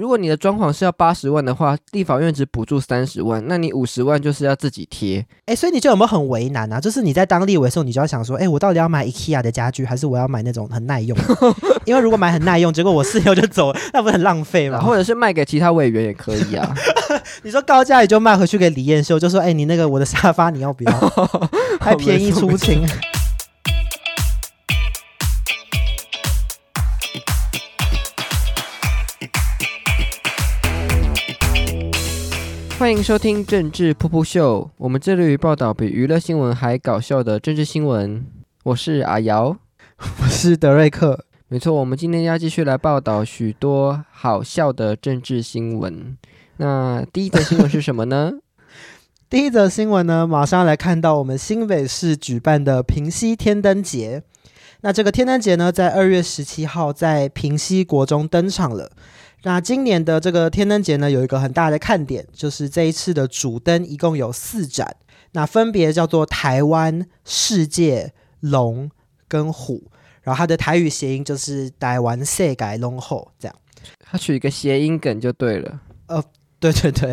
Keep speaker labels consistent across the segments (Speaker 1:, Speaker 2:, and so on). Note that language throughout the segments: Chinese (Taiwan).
Speaker 1: 如果你的裝潢是要八十萬的話，立法院只補助三十萬，那你五十萬就是要自己貼。
Speaker 2: 哎、欸，所以你就有沒有很為難啊？就是你在當立委時，你就要想說，哎、欸，我到底要買 IKEA 的家具，還是我要買那種很耐用的？ 因為如果買很耐用，結果我室友就走了，那不是很浪費嘛、啊？或者是賣給其他委員也可以啊。 你說高價也就賣回去給李彥秀，就說，哎、欸，你那個我的沙發你要不要？太便宜出清。」
Speaker 1: 歡迎收聽政治普普秀，我們致力於報道比娛樂新聞還搞笑的政治新聞。我是阿瑤，我是德瑞克。沒錯，我們今天要繼續來報道許多好笑的政治新聞。那第一則新聞是什麼呢？ 第一則新
Speaker 2: 聞呢，馬上來看到我們新北市舉辦的平溪天燈節。那這個天燈節呢，在二月十七號在平溪國中登場了。那今年的這個天燈節呢，有一個很大的看點，就是這一次的主燈一共有四盞，那分別叫做台灣、世界、龍跟虎，然後它的台語諧音就是台灣世界龍後，這樣，他取一個諧音梗就對了。呃對對對，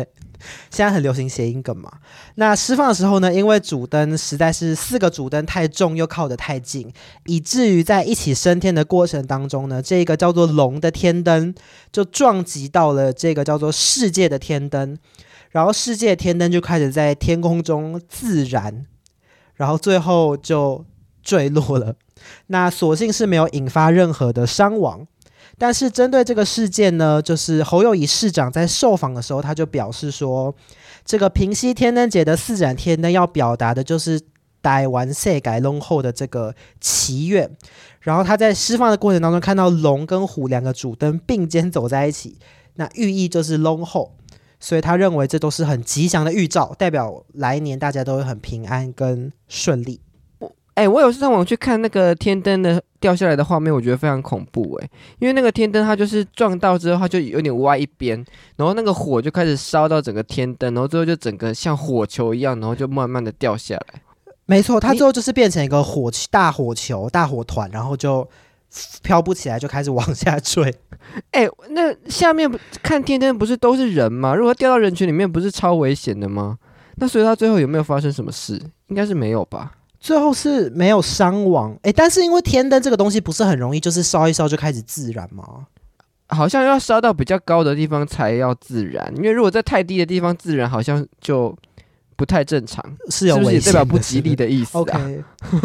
Speaker 2: 現在很流行諧音梗嘛。那施放的時候呢，因為主燈實在是四個主燈太重又靠得太近，以至於在一起升天的過程當中呢，這個叫做龍的天燈就撞擊到了這個叫做世界的天燈，然後世界的天燈就開始在天空中自燃，然後最後就墜落了。那所幸是沒有引發任何的傷亡。但是針對這個事件呢，就是侯友宜市長在受訪的時候，他就表示說，這個平溪天燈節的四盞天燈要表達的就是待完歲改龍後的這個祈願。然後他在釋放的過程當中看到龍跟虎兩個主燈並肩走在一起，那寓意就是龍後，所以他認為這都是很吉祥的預兆，代表來年
Speaker 1: 大家都會很平安跟順利。哎、欸，我有上網去看那個天燈的掉下來的畫面，我覺得非常恐怖哎、欸。因為那個天燈它就是撞到之後，它就有點歪一邊，然後那個火就開始燒到整個天燈，然後最後就整個像火球一樣，然後就慢慢的掉下來。
Speaker 2: 沒錯，它最後就是變成一個火球、大火球、大火團，然
Speaker 1: 後就飄不起來，就開始往下墜。哎、欸，那下面看天燈不是都是人嗎？如果掉到人群裡面，不是超危險的嗎？那所以它最後有沒有發生什麼事？應該是沒有吧。最後是
Speaker 2: 沒有傷亡，誒、欸，但是因為天燈
Speaker 1: 這個東西不是很容易，就是燒一燒就開始自燃嗎？好像要燒到比較高的地方才要自燃，因為如果在太低的地方自燃，好像就不太正常，是有是，是不是也代表不吉利的意思、啊、的的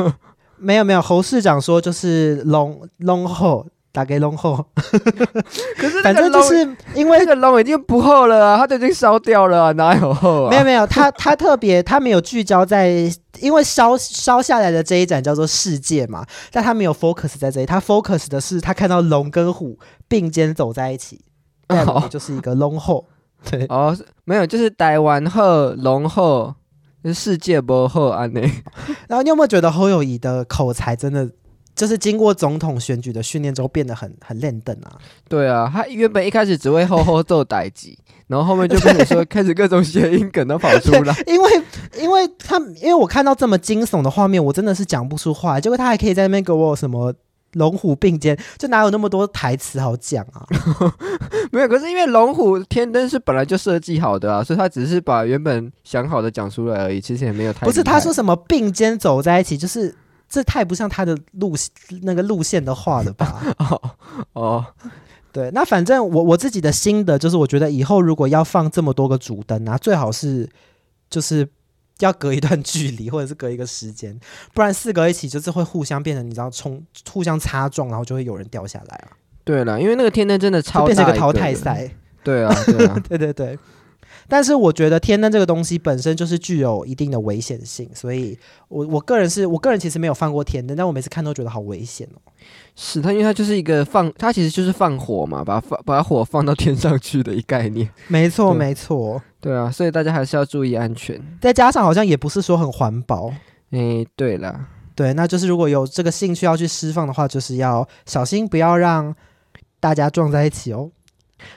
Speaker 1: OK， 沒有沒有，侯市長說就是
Speaker 2: long long 後。打給龍後， 可是反正就是
Speaker 1: 因為這 個龍已經不厚了、啊，它都已經燒掉了、啊，哪有厚啊？沒有沒有，他他特別，他沒
Speaker 2: 有聚焦在， 因為燒燒下來的這一盞叫做世界嘛，但他沒有 focus 在這裡，他 focus 的是他看到龍跟虎並肩走在一起，
Speaker 1: 然後、哦、就是一個龍後，對哦，沒有，就是台灣後龍後是世界不後啊，那 然後你有沒有覺得侯友宜的口才真的？就是經
Speaker 2: 過總統選舉的訓練之後變得很很練凳啊！
Speaker 1: 對啊，他原本一開始只會吼吼做代機， 然後後面就跟你說開始各種諧音梗，都跑出來 因為因
Speaker 2: 為他因為我看到這麼驚悚的畫面，我真的是講不出話。結果他還可以在那邊給我什麼龍虎並肩，就哪有那麼多台詞好講啊？
Speaker 1: 沒有，可是因為龍虎天燈是本來就設計好的啊，所以他只是把原本想好的講出來而已，其實也沒有太，不是他說什
Speaker 2: 麼並肩走在一起就是。這太不像他的路那個路線的話了吧？ 哦，哦對，那反正我我自己的心得就是，我覺得以後如果要放這麼多個主燈啊，最好是就是要
Speaker 1: 隔一段距離，或者是隔一個時間，
Speaker 2: 不然四個一起就是會互相變成你知道衝，互相擦撞，然後就會有人掉下來了，啊。
Speaker 1: 對了，因為那個天燈真的超大一個變成一個淘汰賽。對啊，
Speaker 2: 對啊， 對對對。但是我覺得天燈這個東西本身就是具有一定的危險性，所以我我個人是我個人其實沒有放過天燈，但我每次看都覺得好危險哦。
Speaker 1: 是它，因為它就是一個放，它其實就是放火嘛，把放把火放到天上去的一概念。沒錯，沒錯。對啊，所以大家還是要注意安全。
Speaker 2: 再加上好像也不是說很環保。哎、欸，對了，對，那就是如果有這個興趣要去施放的話，就是要小心，不要讓大家撞在一起哦。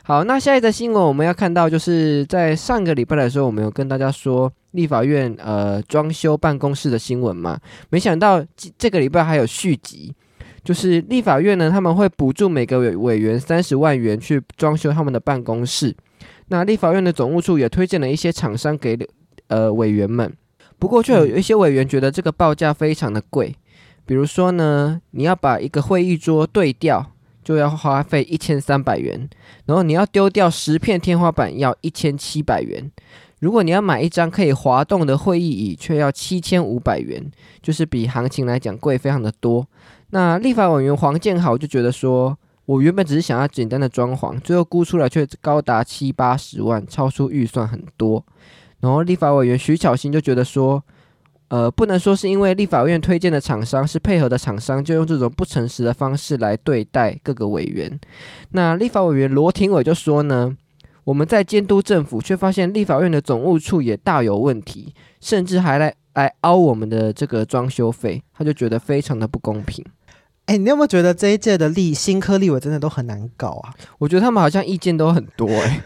Speaker 1: 好，那下一則新聞我們要看到，就是在上個禮拜的時候，我們有跟大家說立法院呃裝修辦公室的新聞嘛，沒想到這個禮拜還有續集，就是立法院呢他們會補助每個委員三十萬元去裝修他們的辦公室。那立法院的總務處也推薦了一些廠商給呃委員們，不過就有一些委員覺得這個報價非常的貴，比如說呢，你要把一個會議桌對掉。就要花費一千三百元，然後你要丟掉十片天花板要一千七百元。如果你要買一張可以滑動的會議椅，卻要七千五百元，就是比行情來講貴非常的多。那立法委員黃建豪就覺得說，我原本只是想要簡單的裝潢，最後估出來卻高達七八十萬，超出預算很多。然後立法委員徐巧芯就覺得說。呃，不能說是因為立法院推薦的廠商是配合的廠商，就用這種不誠實的方式來對待各個委員。那立法委員羅廷瑋就說呢，我們在監督政府，卻發現立法院的總務處也大有問題，甚至還來來凹我們的這個裝修費，他就覺得非常的不公平。哎、欸，你有沒有覺得這一屆的立新科立委真的都很難搞啊？我覺得他們好像意見都很多哎。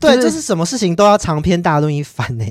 Speaker 1: 對，就是什
Speaker 2: 麼事情都要長篇大論一番哎、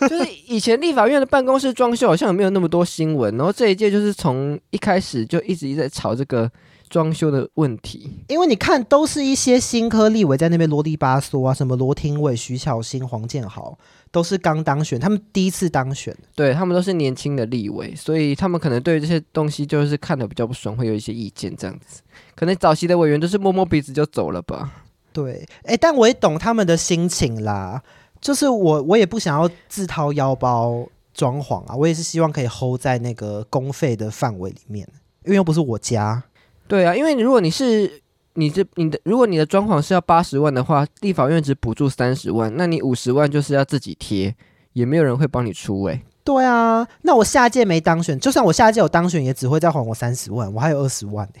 Speaker 2: 欸。 就
Speaker 1: 是以前立法院的辦公室裝修好像也沒有那麼多新聞，然後這一屆就是從一開始就一直，一直在吵這個裝修的問題。因為你看，都是一些新科立委在那邊羅里吧
Speaker 2: 嗦啊，什麼羅廷偉、徐巧芯、黃建豪。都是剛當選，他們第一次當選，
Speaker 1: 對，他們都是年輕的立委，所以他們可能對這些東西就是看得比較不爽，會有一些意見這樣子。可能早期的委員都是摸摸鼻子就走了吧。
Speaker 2: 對，哎、欸，但我也懂他們的心情啦。就是我，我也不想要自掏腰包裝潢啊，我也是希望可以 hold 在那個公費的範圍裡面，因為又不是我家。
Speaker 1: 對啊，因為如果你是。你這你的，如果你的裝潢是要八十萬的話，立法院只補助三十萬，那你五十萬就是要自己貼，也沒有人會幫你出位、
Speaker 2: 欸。對啊，那我下屆沒當選，就算我下屆有當選，也只會再還我三十萬，我還有二十
Speaker 1: 萬、欸。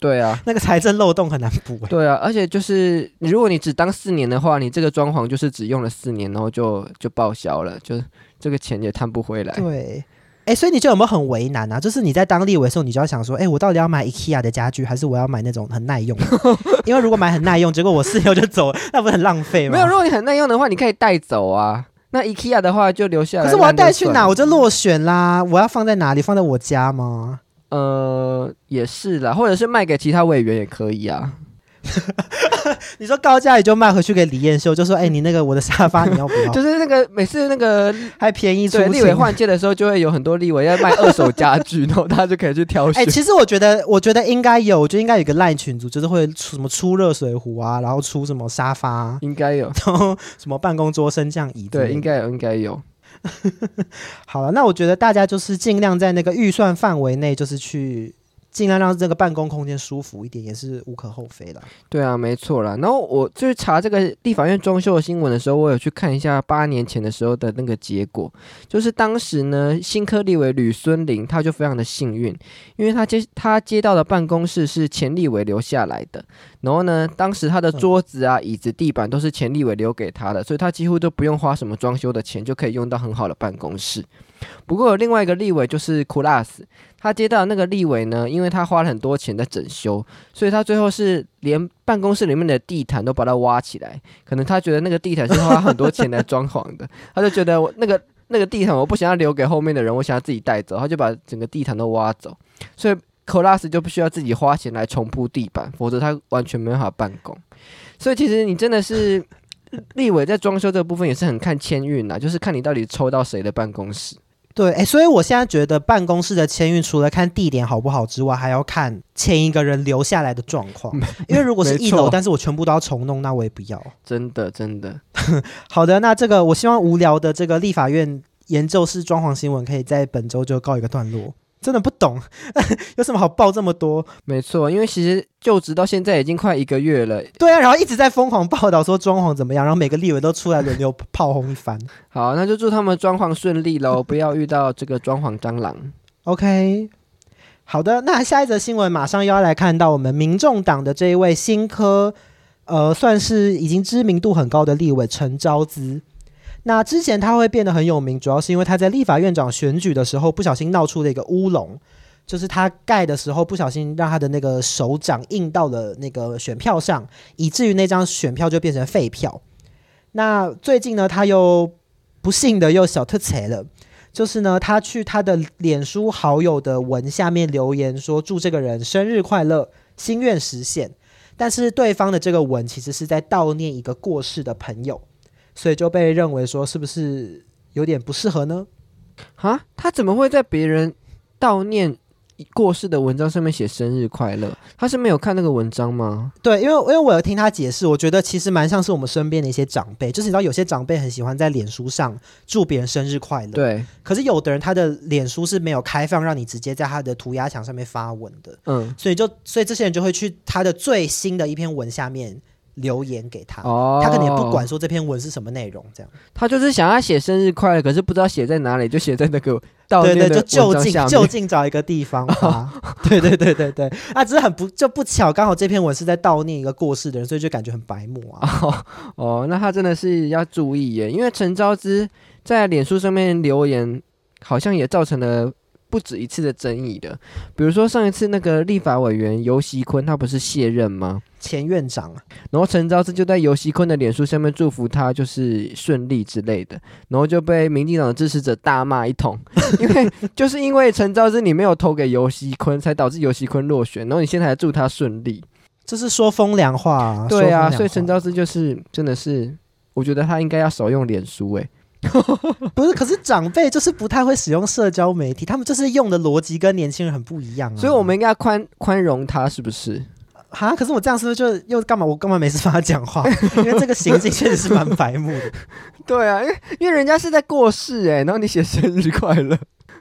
Speaker 1: 對啊，那個財
Speaker 2: 政漏洞很難補、
Speaker 1: 欸。對啊，而且就是，如果你只當四年的話，你這個裝潢就是只用了四年，然後就就報銷了，就這個錢也攤不回來。
Speaker 2: 對。哎、欸，所以你就有沒有很為難啊？就是你在當立委的時候，你就要想說，哎、欸，我到底要買 IKEA 的家具，還是我要買那種很耐用的？ 因為如果買很耐用，結果我室友就走了，
Speaker 1: 那不是很浪費嗎？沒有，如果你很耐用的話，你可以帶走啊。那 IKEA 的話就留下來。可是我要帶去哪？我
Speaker 2: 就落選啦。我要放在哪裡？放在我家嗎？
Speaker 1: 呃，也是啦，或者是賣給其他委員也可以啊。
Speaker 2: 你說高價也就賣回去給李彥秀，就說哎、欸，你那個我的沙發你要不要？ 就
Speaker 1: 是那個每次那個還便宜，所以立委換屆的時候就會有很多立委要賣二手家具， 然後大家就可以去挑選。哎、欸，其實我覺得，
Speaker 2: 我覺得應該有，就應該有一個賴群組，就是會出什麼出熱水壺啊，然後出什麼沙發，應該有，然後什麼辦公桌升降椅，對，應該有，應該有。 好了、啊，那我覺得大家就是盡量在那個預算範圍內，就是去。盡量讓這個辦公空間舒服一點，也是無可厚非的啊。
Speaker 1: 對啊，沒錯啦。然後我就是查這個立法院裝修的新聞的時候，我有去看一下八年前的時候的那個結果。就是當時呢，新科立委呂孫林他就非常的幸運，因為他接他接到的辦公室是前立委留下來的。然後呢，當時他的桌子啊、嗯、椅子、地板都是前立委留給他的，所以他幾乎都不用花什麼裝修的錢，就可以用到很好的辦公室。不過有另外一個立委，就是 Kulas，他接到那個立委呢，因為他花了很多錢在整修，所以他最後是連辦公室裡面的地毯都把它挖起來。可能他覺得那個地毯是花很多錢來裝潢的， 他就覺得那個那個地毯我不想要留給後面的人，我想要自己帶走，他就把整個地毯都挖走。所以 Kulas 就不需要自己花錢來重鋪地板，否則他完全沒辦法辦公。所以其實你真的是立委在裝修這個部分也是很看籤運吶，就是看你到底抽到誰的辦公室。
Speaker 2: 對誒，所以我現在覺得辦公室的籤運，除了看地點好不好之外，還要看前一個人留下來的狀況。沒因為如果是一樓，錯但是我全部都要重弄，那我也不要。
Speaker 1: 真的，真的。
Speaker 2: 好的，那這個我希望無聊的這個立法院研究室裝潢新聞，可以在本周就告一個段落。真的不懂， 有什麼好報這麼多？
Speaker 1: 沒錯，因為其實就職到現在已經快一個月了。對啊，然後一直在瘋狂報道說裝潢怎麼樣，然後每個立委都出來輪流炮轟一番。 好，那就祝他們裝潢順利嘍，不要遇到這個裝潢蟑螂。 OK，好的，那下一則新聞
Speaker 2: 馬上又要來看到我們民眾黨的這一位新科，呃，算是已經知名度很高的立委陳昭姿。那之前他會變得很有名，主要是因為他在立法院長選舉的時候不小心鬧出了一個烏龍，就是他蓋的時候不小心讓他的那個手掌印到了那個選票上，以至於那張選票就變成廢票。那最近呢，他又不幸的又小凸槌了，就是呢，他去他的臉書好友的文下面留言說祝這個人生日快樂，心願實現，但是對方的這個文其實是在悼念一個
Speaker 1: 過世的朋友。所以就被認為說是不是有點不適合呢？哈，他怎麼會在別人悼念過世的文章上面寫生日快樂？他是沒有看那個文章嗎？對，因為因為我有聽他解釋，我覺得其實蠻像
Speaker 2: 是我們身邊的一些長輩，就是你知道有些長輩很喜歡在臉書上祝別人生日快樂，對。可是有的人他的臉書是沒有開放讓你直接在他的塗鴉牆上面發文的，嗯，所以就所以這些人就會去他的最新的一篇文下面。留言給他，他可能也不管說這篇文是什麼內容，這樣、
Speaker 1: 哦、他就是想要寫生日快樂，可是不知道寫在哪裡，就寫在那個悼對對，就就近就近
Speaker 2: 找一個地方發。
Speaker 1: 對對對對對，啊，只是很不就不巧，剛好這篇文是在悼念一個過世的人，所以就感覺很白目啊哦。哦，那他真的是要注意耶，因為陳昭姿在臉書上面留言，好像也造成了，不止一次的爭議的，比如說上一次那個立法委員游錫堃，他不是卸任嗎？前院長、啊，然後陳昭姿就在游錫堃的臉書下面祝福他，就是順利之類的，然後就被民進黨的支持者大罵一通， 因為就是因為陳昭姿你沒有投給游錫堃，才導致游錫堃落選，然後你現在還祝他順利，這是說風涼話、啊。對啊，所以陳昭姿就是真的是，我覺得他應該要少用臉書誒、欸。
Speaker 2: 不是，可是長輩就是不太會使用社交媒體，他們就是用的邏輯跟年輕人很不一樣啊，所以我們應該寬寬
Speaker 1: 容他，是不是？哈、啊，可是我這樣是不是就又幹嘛？我幹嘛沒事幫他講話？ 因為這個行徑確實是蠻白
Speaker 2: 目的。
Speaker 1: 對啊，因為因為人家是在過世哎、欸，然後你寫生
Speaker 2: 日快樂，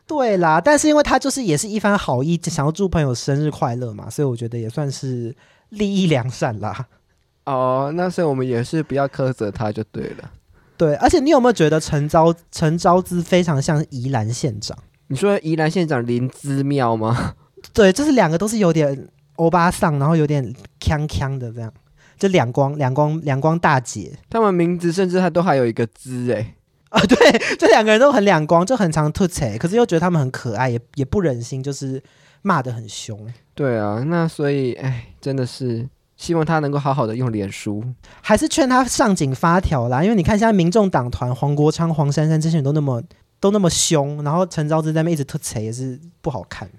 Speaker 2: 對啦。但是因為他就是也是一番好意，想要祝朋友生日快樂嘛，所以我覺得也算是立意良善啦。
Speaker 1: 哦，那所以我們也是不要苛責他就對了。
Speaker 2: 對，而且你有沒有覺得陳昭陳昭姿非常像
Speaker 1: 宜蘭縣長？你說宜蘭縣長林姿妙嗎？
Speaker 2: 對，就是兩個都是有點歐巴桑，然後有點鏘鏘的這樣，就兩光兩光兩光大姐，他們名字甚至還都還有一個姿哎、欸、啊，對，這兩個人都很兩光，就很常凸槌，可是又覺得他們很可愛，也也不忍心就是罵的很兇。對啊，那所以哎，真的是。希望他能夠好好的用臉書，還是勸他上緊發條啦。因為你看，現在民眾黨團黃國昌、黃珊珊這些人，都那麼都那麼凶，然後陳昭姿在那邊一直凸槌也是不好看。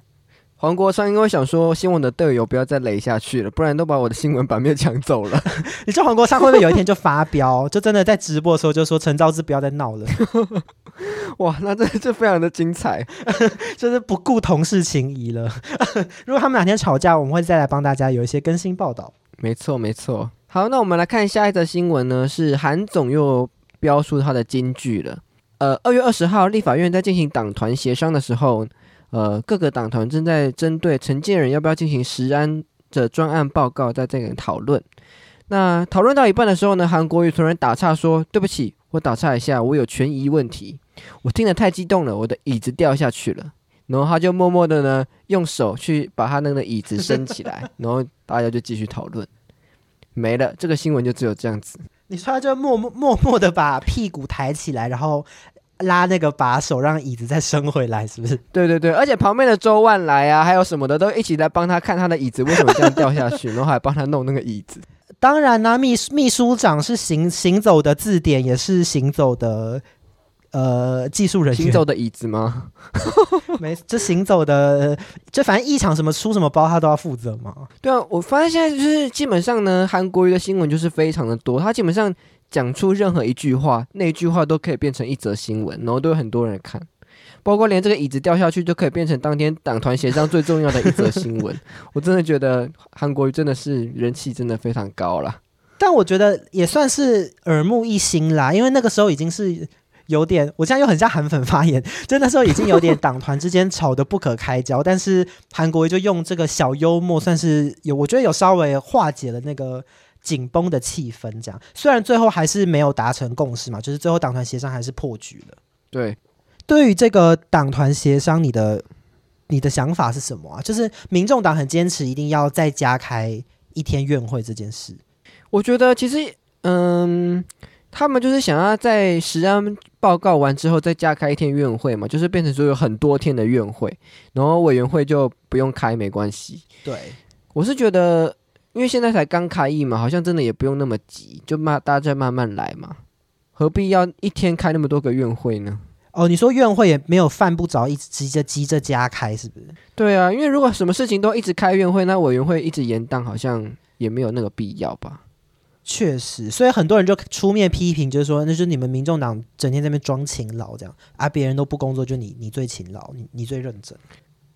Speaker 1: 黃國昌應該想說，新聞的隊友不要再雷下去了，不然都把我的新聞版面搶走了。 你說黃國昌會不會有一天就發
Speaker 2: 飆？ 就真的在直播的時候就說陳昭姿不要再鬧了？
Speaker 1: 哇，那這這非常的精彩， 就是不顧同事情誼了。 如果他們兩天吵架，
Speaker 2: 我們會再來幫大家有一些
Speaker 1: 更新報道。
Speaker 2: 沒錯，沒錯。
Speaker 1: 好，那我們來看下一則新聞呢，是韓總又標出他的金句了。呃，二月二十號，立法院在進行黨團協商的時候，呃，各個黨團正在針對陳建仁要不要進行食安的專案報告，在這邊討論。那討論到一半的時候呢，韓國瑜突然打岔說：“對不起，我打岔一下，我有權宜問題，我聽得太激動了，我的椅子掉下去了。”然後他就默默的呢，用手去把他那個椅子升起來， 然後大家就繼續討論，沒了。這個新聞就只有這樣子。
Speaker 2: 你說他就默默默默的把屁股抬起來，然後拉那個把手讓椅
Speaker 1: 子再升回來，是不是？對對對，而且旁邊的周萬來啊，還有什麼的，都一起在幫他看他的椅子，為什麼這樣掉下去， 然後還幫他弄那個椅子。當然呢、啊，秘秘書長是
Speaker 2: 行行走的字典，也是行走的。呃，技術人員行走的椅
Speaker 1: 子嗎？ 沒，這行走的，這反正議場什麼出什麼包，他都要負責嘛。對啊，我發現現在就是基本上呢，韓國瑜的新聞就是非常的多，他基本上講出任何一句話，那一句話都可以變成一則新聞，然後都有很多人看，包括連這個椅子掉下去，就可以變成當天黨團協商最重要的一則新聞。 我真的覺得韓國瑜真的是人氣真的非常高了，
Speaker 2: 但我覺得也算是耳目一新啦，因為那個時候已經是。有點，我現在又很像韓粉發言，就那時候已經有點黨團之間吵得不可開交， 但是韓國瑜就用這個小幽默，算是有，我覺得有稍微化解了那個緊繃的氣氛。這樣，雖然最後還是沒有達成共識嘛，就是最後黨團協商還是破局了。對，對於這個黨團協商，你的你的想法是什麼啊？就是民眾黨很堅持一定要再加開一天院會這件事，
Speaker 1: 我覺得其實，嗯。他們就是想要在實案報告完之後再加開一天院會嘛，就是變成說有很多天的院會，然後委員會就不用開，沒關係。對，我是覺得，因為現在才剛開議嘛，好像真的也不用那麼急，就慢，大家再慢慢來嘛，何必要一天開那麼多個院會呢？哦，你說院會也沒有犯不着一直急着急着加開，是不是？對啊，因為如果什麼事情都一直開院會，那委員會一直延宕，好像也沒有那個必要吧。確實，所以很多人
Speaker 2: 就出面批評，就是說，那就是你們民眾黨整天在那邊裝勤勞這樣啊，別人都不工作，就
Speaker 1: 你你最勤
Speaker 2: 勞，你你最認真。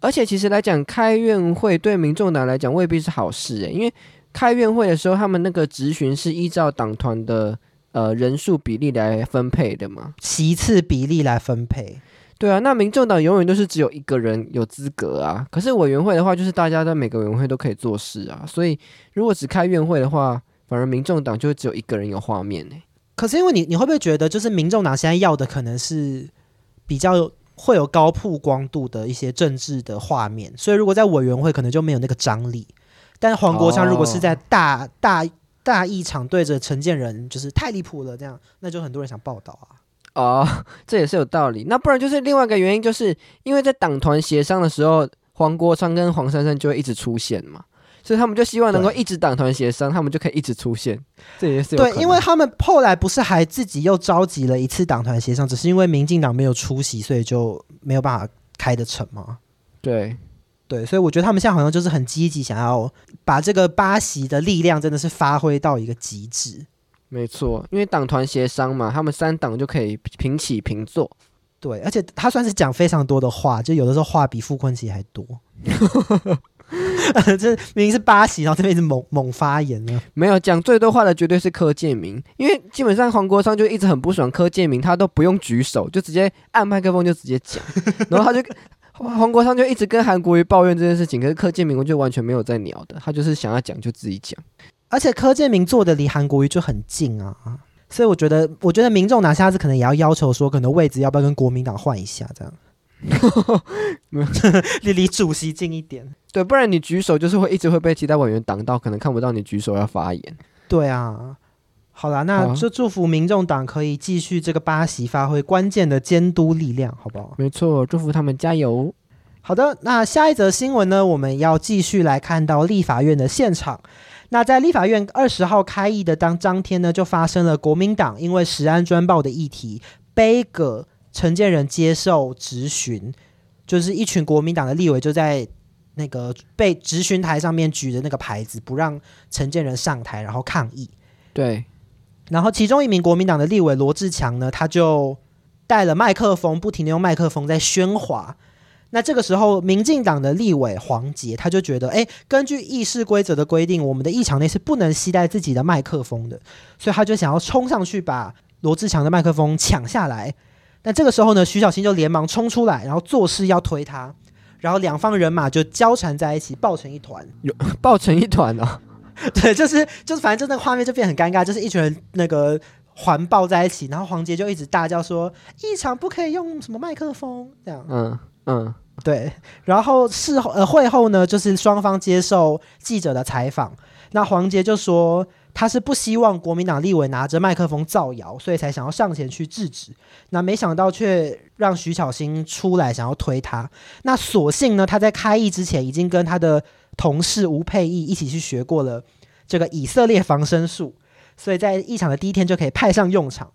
Speaker 1: 而且其實來講，開院會對民眾黨來講未必是好事誒，因為開院會的時候，他們那個質詢，是依照黨團的呃人數比例來分配的嘛，席次比例來分配。對啊，那民眾黨永遠都是只有一個人有資格啊。可是委員會的話，就是大家在每個委員會都可以做事啊，所以如果只開院會的話。反而民眾黨就只有一個人有畫面呢、欸。可是因為你，你會不會覺得，就是民眾黨現在要的可能是比較
Speaker 2: 會有高曝光度的一些政治的畫面，所以如果在委員會可能就沒有那個張力。但是黃國昌如果是在大、哦、大大議場對着陳建仁，就是太離譜了，這樣，那就很多人想報道啊。
Speaker 1: 哦，這也是有道理。那不然就是另外一個原因，就是因為在黨團協商的時候，黃國昌跟黃珊珊就會一直出現嘛。所以他們就希望能夠一直黨團協商，對他們就可以一直出現，這也是對。因為他
Speaker 2: 們後來不是還自己又召集了一次黨團協商，只是因為民進黨沒有出席，所以就沒有辦法開得成嗎？
Speaker 1: 對，對。
Speaker 2: 所以我覺得他們現在好像就是很積極，想
Speaker 1: 要把這個八席的力量真的是發揮到一個極致。沒錯，因為黨團協商嘛，他們三黨就可以平起平坐。對，而且他算
Speaker 2: 是講非常多的話，就有的時候話比傅昆萁還多。 這 明
Speaker 1: 明是巴西，然後這邊是猛猛發言、啊、沒有講最多話的絕對是柯建銘，因為基本上黃國昌就一直很不爽柯建銘，他都不用舉手，就直接按麥克風就直接講。然後他就黃 國昌就一直跟韓國瑜抱怨這件事情，可是柯建銘我就完全沒有在鳥的，他就是想要講就自己講。而且柯建銘坐的離韓國瑜就很近啊，
Speaker 2: 所以我覺得，我覺得民眾拿蝦子可能也要要求說，可能位置要不要跟國民黨換一下這樣。
Speaker 1: 你離 主席近一點， 對，不然你舉手就是會一直會被其他委員擋到，可能看不到你舉手要發言。對啊，好啦，那就
Speaker 2: 祝福民眾黨可以繼續這個八席發揮關鍵的監督力量，好不好？沒錯，祝福他們加油。好的，那下一則新聞呢，我們要繼續來看到立法院的現場。那在立法院二十號開議的當，當天呢就發生了國民黨因為石安專報的議題，杯葛。陳建仁接受質詢，就是一群國民黨的立委就在那個被質詢台上面舉着那個牌子，不讓陳建仁上台，然後抗議。對，然後其中一名國民黨的立委羅智強呢，他就帶了麥克風，不停地用麥克風在喧嘩。那這個時候，民進黨的立委黃捷他就覺得，哎、欸，根據議事規則的規定，我們的議場內是不能攜帶自己的麥克風的，所以他就想要衝上去把羅智強的麥克風搶下來。那這個時候呢，徐巧芯就連忙衝出來，然後作勢要推他，然後兩方人馬就交纏在一起，抱成一團，抱成一團啊！ 對，就是就是，反正就那個畫面就變很尷尬，就是一群人那個環抱在一起，然後黃捷就一直大叫說：“議場不可以用什麼麥克風
Speaker 1: 這樣。嗯”嗯嗯，
Speaker 2: 對。然後事後呃會後呢，就是雙方接受記者的採訪，那黃捷就說。他是不希望國民黨立委拿着麥克風造謠，所以才想要上前去制止。那沒想到卻讓徐巧芯出來想要推他。那所幸呢，他在開議之前已經跟他的同事吳沛憶一起去學過了這個以色列防身術，所以在議場的第一天就可以派上用場。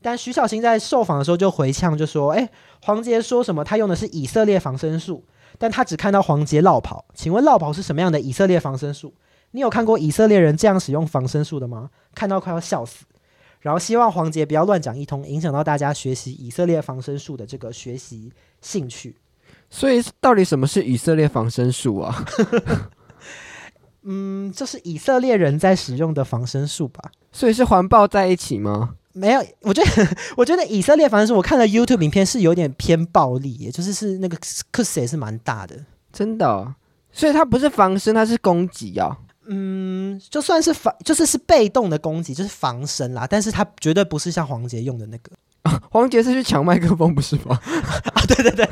Speaker 2: 但徐巧芯在受訪的時候就回嗆，就說：“哎，黃捷說什麼他用的是以色列防身術，但他只看到黃捷落跑，請問落跑是什麼樣的以色列防身術？”你有看過以色列人這樣使用防身術的嗎？看到快要笑死。然後希望黃捷不要亂講一通，影響到大家學習以色列防身術的這個學習興
Speaker 1: 趣。所以到底什麼是以色列防身術啊？
Speaker 2: 嗯，就是以色列人在使用的防身術吧？
Speaker 1: 所以是環抱在一起嗎？
Speaker 2: 沒有，我覺得我覺得以色列防身術，我看了 YouTube 影片是有點偏暴力耶，也就是是那個 cuss 也是蠻大的，真的，哦。所以它不是防身，它是攻擊啊。嗯，就算是防，就是是被動的攻擊，就是防身啦。但是它絕對不是像黃捷用的那個。啊、黃捷
Speaker 1: 是去搶麥克風，不是嗎？ 啊，對
Speaker 2: 對對，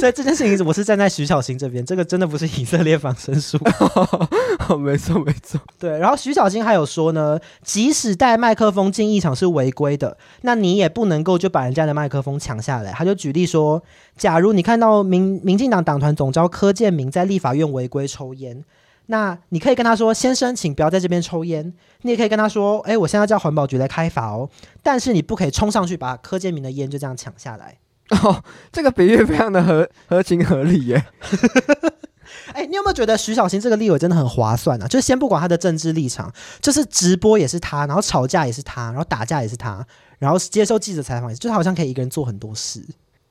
Speaker 2: 所以這件事情我是站在徐巧芯這邊。 這個真的不是以色列防身術，
Speaker 1: 沒錯、哦哦、沒錯。沒
Speaker 2: 錯對，然後徐巧芯還有說呢，即使帶麥克風進議場是違規的，那你也不能夠就把人家的麥克風搶下來。他就舉例說，假如你看到民民進黨黨團總召柯建銘在立法院違規抽菸。那你可以跟他說：“先生，請不要在這邊抽菸。”你也可以跟他說：“哎、欸，我現在叫環保局來開罰哦。”但是你不可以衝上去把柯建銘的菸就這樣搶下來
Speaker 1: 哦。這個比喻非常的合合情合理耶。哎
Speaker 2: 欸，你有沒有覺得徐巧芯這個立委真的很划算呢、啊？就先不管他的政治立場，就是直播也是他，然後吵架也是他，然後打
Speaker 1: 架也是他，然後接受記者採訪也是，就是好像可以一個人做很多事。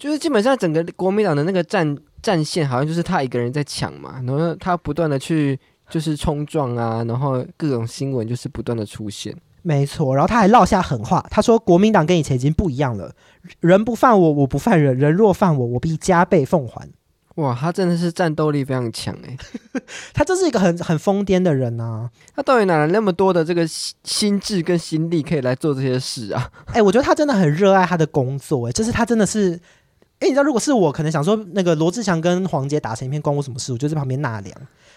Speaker 1: 就是基本上整個國民黨的那個戰戰線，好像就是他一個人在搶嘛，然後他不斷的去就是衝撞啊，然後各種新聞就是不斷的出現。
Speaker 2: 沒錯，然後他還撂下狠話，他說國民黨跟以前已經不一樣了，人不犯我我不犯人，人若犯我我必加倍奉還。哇，他
Speaker 1: 真的是戰鬥力非常強誒， 他真是一個很很瘋癲的人啊，他到底哪來那麼多的這個心智跟心力可以來做這些事啊？哎、 欸，我覺得他
Speaker 2: 真的很熱愛他的工作哎，就是他真的是。哎，欸、你知道，如果是我，可能想說，那個羅智強跟黃捷打成一片，關我什麼事？我就在旁邊納涼。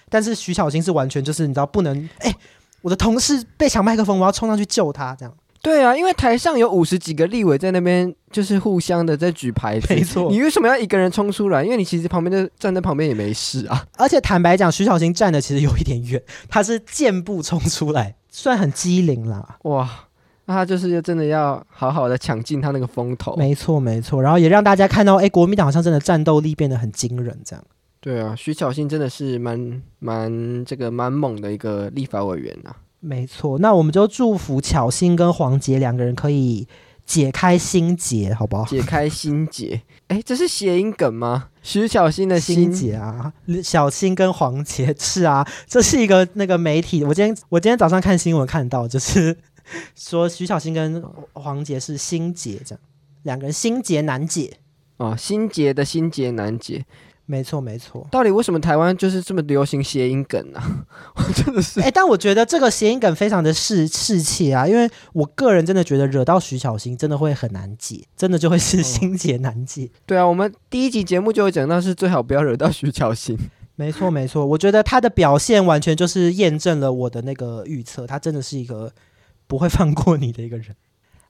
Speaker 2: 但是徐巧芯是完全就是，你知道，不能。哎、欸，我的同事被搶麥克風，我要衝上去救他，這樣。對
Speaker 1: 啊，因為台上有五十幾個立委在那邊，就是互相的在舉牌子。沒錯，你為什麼要一個人衝出來？因為你其實旁邊就站在旁邊也沒事啊。而且坦白講，徐巧芯站的其實有一點遠，他是箭步衝出來，算很機靈啦。哇！那、啊、他就是又真的要好好的搶盡他那個風頭，沒
Speaker 2: 錯沒錯，然後也讓大家看到，哎、欸，國民黨好像真的戰鬥力變得很驚人這樣。
Speaker 1: 對啊，徐巧芯真的是蠻蠻這個蠻猛的一個立法委員吶、
Speaker 2: 啊。沒錯，那我們就祝福巧芯跟黃捷兩個人可以解開心結，好不好？解開心結，
Speaker 1: 哎、欸，這是諧
Speaker 2: 音梗嗎？徐巧芯的心結啊，巧芯跟黃捷是啊，這是一個那個媒體，我今天我今天早上看新聞看到就是。說徐巧芯跟
Speaker 1: 黃捷是心結，這樣兩個人心結難解哦。心結的心結難解，沒錯
Speaker 2: 沒錯。沒錯，
Speaker 1: 到底為什麼台灣就是這麼流行諧音梗呢、啊？我 真的是哎、欸，但我覺得這個諧音梗非常的士士氣啊，因為我個人真的
Speaker 2: 覺得惹到徐巧芯真的會很難解，真的就會是心結難解。嗯、
Speaker 1: 對啊，我們第一集節目就會講到，是最好不要惹到徐巧芯，
Speaker 2: 沒錯沒錯，我覺得他的表現完全就是驗證了我的那個預測，他真的是一個。不
Speaker 1: 會放過你的一個人。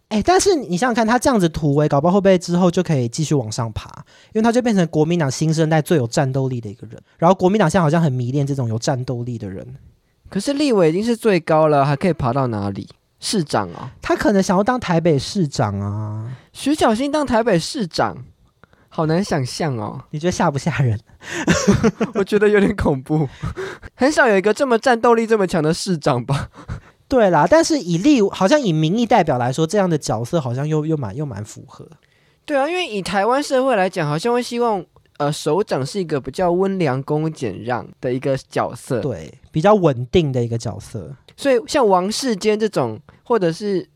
Speaker 2: 誒，但是你想想看，他這樣子突圍，搞不好會不會之後就可以繼續往上爬？因為他就變成國民黨新生代最有戰鬥力的一個人。然後國民黨現在好像很迷戀這種有戰鬥力的
Speaker 1: 人。可是立委已經是最高了，還可以爬到哪裡？市長啊、哦，他可能想要當台北市長啊。徐巧芯當台北市長，好難想象哦。你覺得嚇不嚇人？ 我覺得有點恐怖。 很少有一個這麼戰鬥力這麼強的市長吧。
Speaker 2: 對啦，但是以利好像以民意代表來說，這樣的角色好像又又蠻又蠻符合。
Speaker 1: 對啊，因為以台灣社會來講，好像會希望呃，首長是一個比較溫良恭儉讓的一個角色，對，
Speaker 2: 比較穩定的一個角色。
Speaker 1: 所以像王世堅這種，或者是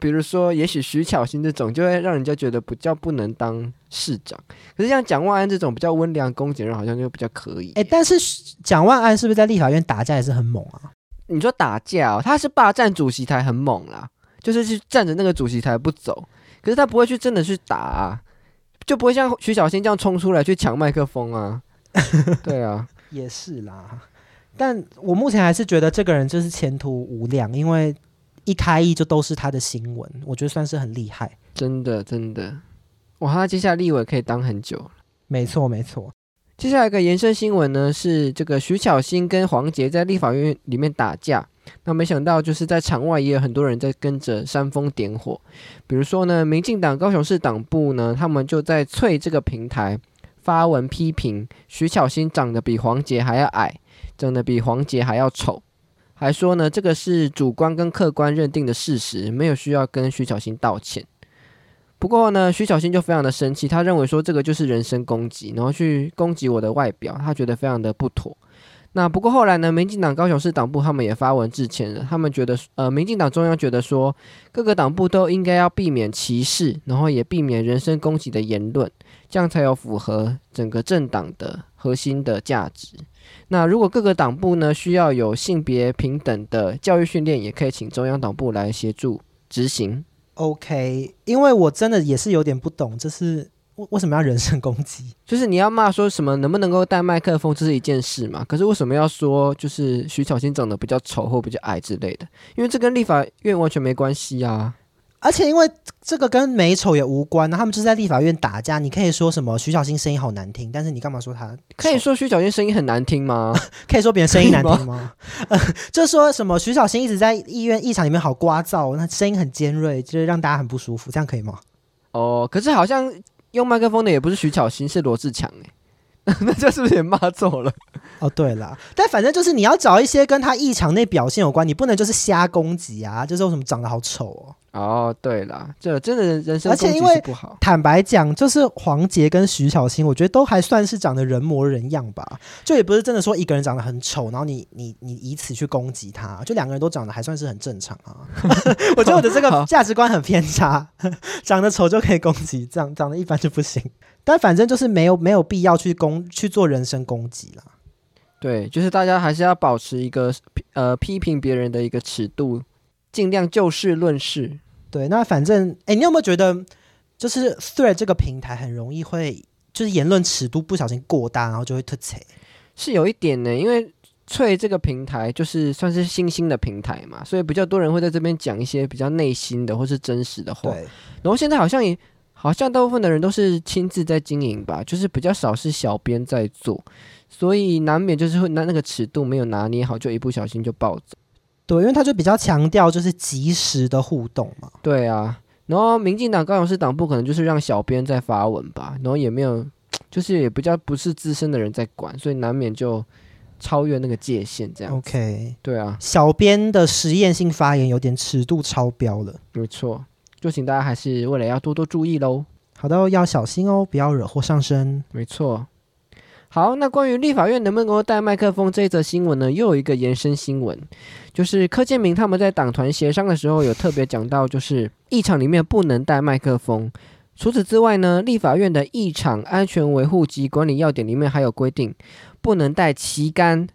Speaker 1: 比如說，也許徐巧芯這種，就會讓人家覺得比較不能當市長。可是像蔣萬安這種比較溫良恭儉讓，好像就比較可以啊。哎，但是蔣萬安是不是在立法院打架也是很猛啊？你說打架？哦，他是霸占主席台很猛啦，就是去站着那個主席台不走，可是他不會去真的去打，啊，就不會像徐巧芯這樣衝出來去搶麥克風啊。 對啊，
Speaker 2: 也是啦，但我目前還是覺得這個人就是前途無量，因為一開議就都是他的新聞，
Speaker 1: 我覺得算是很厲害。真的，真的，哇，他接下來立委可以當很久，沒錯，沒錯。接下來一個延伸新聞呢，是這個徐巧芯跟黃捷在立法院裡面打架，那沒想到就是在場外也有很多人在跟着煽風點火，比如說呢，民進黨高雄市黨部呢，他們就在脆這個平台發文批評徐巧芯長得比黃捷還要矮，長得比黃捷還要醜，還說呢這個是主觀跟客觀認定的事實，沒有需要跟徐巧芯道歉。不過呢，徐巧芯就非常的生氣，他認為說這個就是人身攻擊，然後去攻擊我的外表，他覺得非常的不妥。那不過後來呢，民進黨高雄市黨部他們也發文致歉了，他們覺得，呃，民進黨中央覺得說，各個黨部都應該要避免歧視，然後也避免人身攻擊的言論，這樣才有符合整個政黨的核心的價值。那如果各個黨部呢需要有性別平等的教育訓練，也可以請中央黨部來協助執行。O.K.，因為我真的也是有點不懂，這是為為什麼要人身攻擊？就是你要罵說什麼，能不能夠帶麥克風，這是一件事嘛。可是為什麼要說就是徐巧芯長得比較醜或比較矮之類的？因為這跟立法院完全沒關係啊。
Speaker 2: 而且因為這個跟美醜也無關、啊、他們就是在立法院打架。你可以說什麼徐巧芯聲音好難聽，但是你幹嘛說他？
Speaker 1: 可以說徐巧芯聲音很難聽嗎？ 可以說別人聲音難聽嗎？嗎
Speaker 2: 呃，就說什麼徐巧芯一直在議院議場裡面好聒噪，那聲音很尖銳，就
Speaker 1: 是讓大家很不舒服，這樣可以嗎？哦，可是好像用麥克風的也不是徐巧芯，是羅智強誒， 那這是不是也罵錯了？哦，對了，
Speaker 2: 但反正就是你要找一些跟他議場內表現有關，你不能就是瞎攻擊啊，就是為什麼長得好醜哦。
Speaker 1: 哦，對啦，這真的人，人生攻擊，是不好。而且因為
Speaker 2: 坦白講，就是黃捷跟徐巧芯，我覺得都還算是長得人模人樣吧。就也不是真的說一個人長得很醜，然後你你你以此去攻擊他，就兩個人都長得還算是很正常啊。 我覺得我的這個價值觀很偏差， 好長得醜就可以攻擊，這樣長得一般就不行。但反正就是沒有沒有必要去攻去做人身攻擊啦。
Speaker 1: 對，就是大家還是要保持一個呃批評別人的一個尺度，盡量就事論事。對，
Speaker 2: 那反正，哎，你有沒有覺得，就是 Thread 這個平台很容易會，就是言
Speaker 1: 論尺度不小心過大，然後就會特踩？是有一點呢，因為翠這個平台就是算是新興的平台嘛，所以比較多人會在這邊講一些比較內心的或是真實的話。對。然後現在好像也好像大部分的人都是親自在經營吧，就是比較少是小編在做，所以難免就是會拿那個尺度沒有拿捏好，就一不小心就暴走。對，因為他就比較強調就是即時的互動嘛。對啊，然後民進黨高雄市黨部，可能就是讓小編在發文吧，然後也沒有就是也比較不是資深的人在管，所以難免就超越那個界限這樣。OK，對啊，
Speaker 2: 小編的實驗性發言有點尺度超標了。沒錯，
Speaker 1: 就請大家還是未來要多多注意嘍。好的，要小心哦，不要惹禍上身。沒錯。好，那關於立法院能不能夠帶麥克風這一則新聞呢？又有一個延伸新聞，就是柯建銘他們在黨團協商的時候有特別講到，就是議場裡面不能帶麥克風。除此之外呢，立法院的議場安全維護及管理要點裡面還有規定，不能帶旗杆、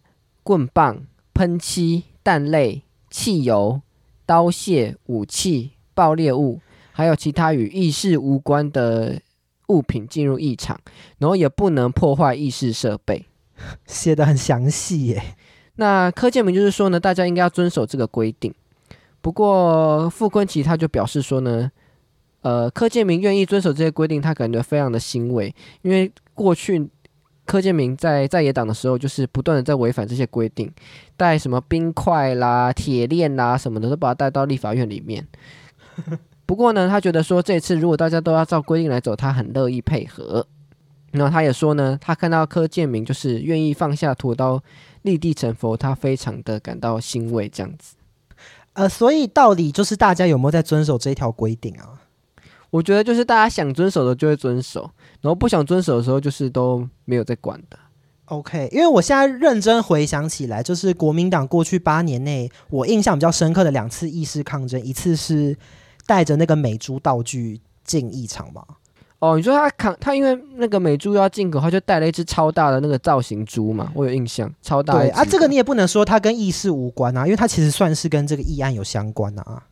Speaker 1: 棍棒、噴漆、彈類、汽油、刀械、武器、爆裂物，還有其他與議事無關的。物品進入議場，然後也不能破壞議事設備，寫得很詳細耶。那柯建銘就是說呢，大家應該要遵守這個規定。不過傅崐萁他就表示說呢，呃，柯建銘願意遵守這些規定，他感覺非常的欣慰，因為過去柯建銘在在野黨的時候，就是不斷的在違反這些規定，帶什麼冰塊啦、鐵鏈啦什麼的，都把他帶到立法院裡面。 不過呢，他覺得說，這次如果大家都要照規定來走，他很樂意配合。然後他也說呢，他看到柯建銘就是願意放下屠刀，立地成佛，他非常的感到欣慰。這樣子，呃，所以到底就是大家有沒有在遵守這一條規定啊？我覺得就是大家想遵守的就會遵守，然後不想遵守的時候就是都沒有在管的。OK，因為我現在認真回想起來，就是國民
Speaker 2: 黨過去八年內，我印象比較深刻的兩次意識抗爭，一次是。帶着那個美豬道具進議場嗎？
Speaker 1: 哦，你說他扛他，因為那個美豬要進口，他就帶了一只超大的那個造型豬嘛，我有印象，超大的。對啊，這個你也不能說它跟
Speaker 2: 議事無關啊，因為它其實算是跟這個議案有相關的啊。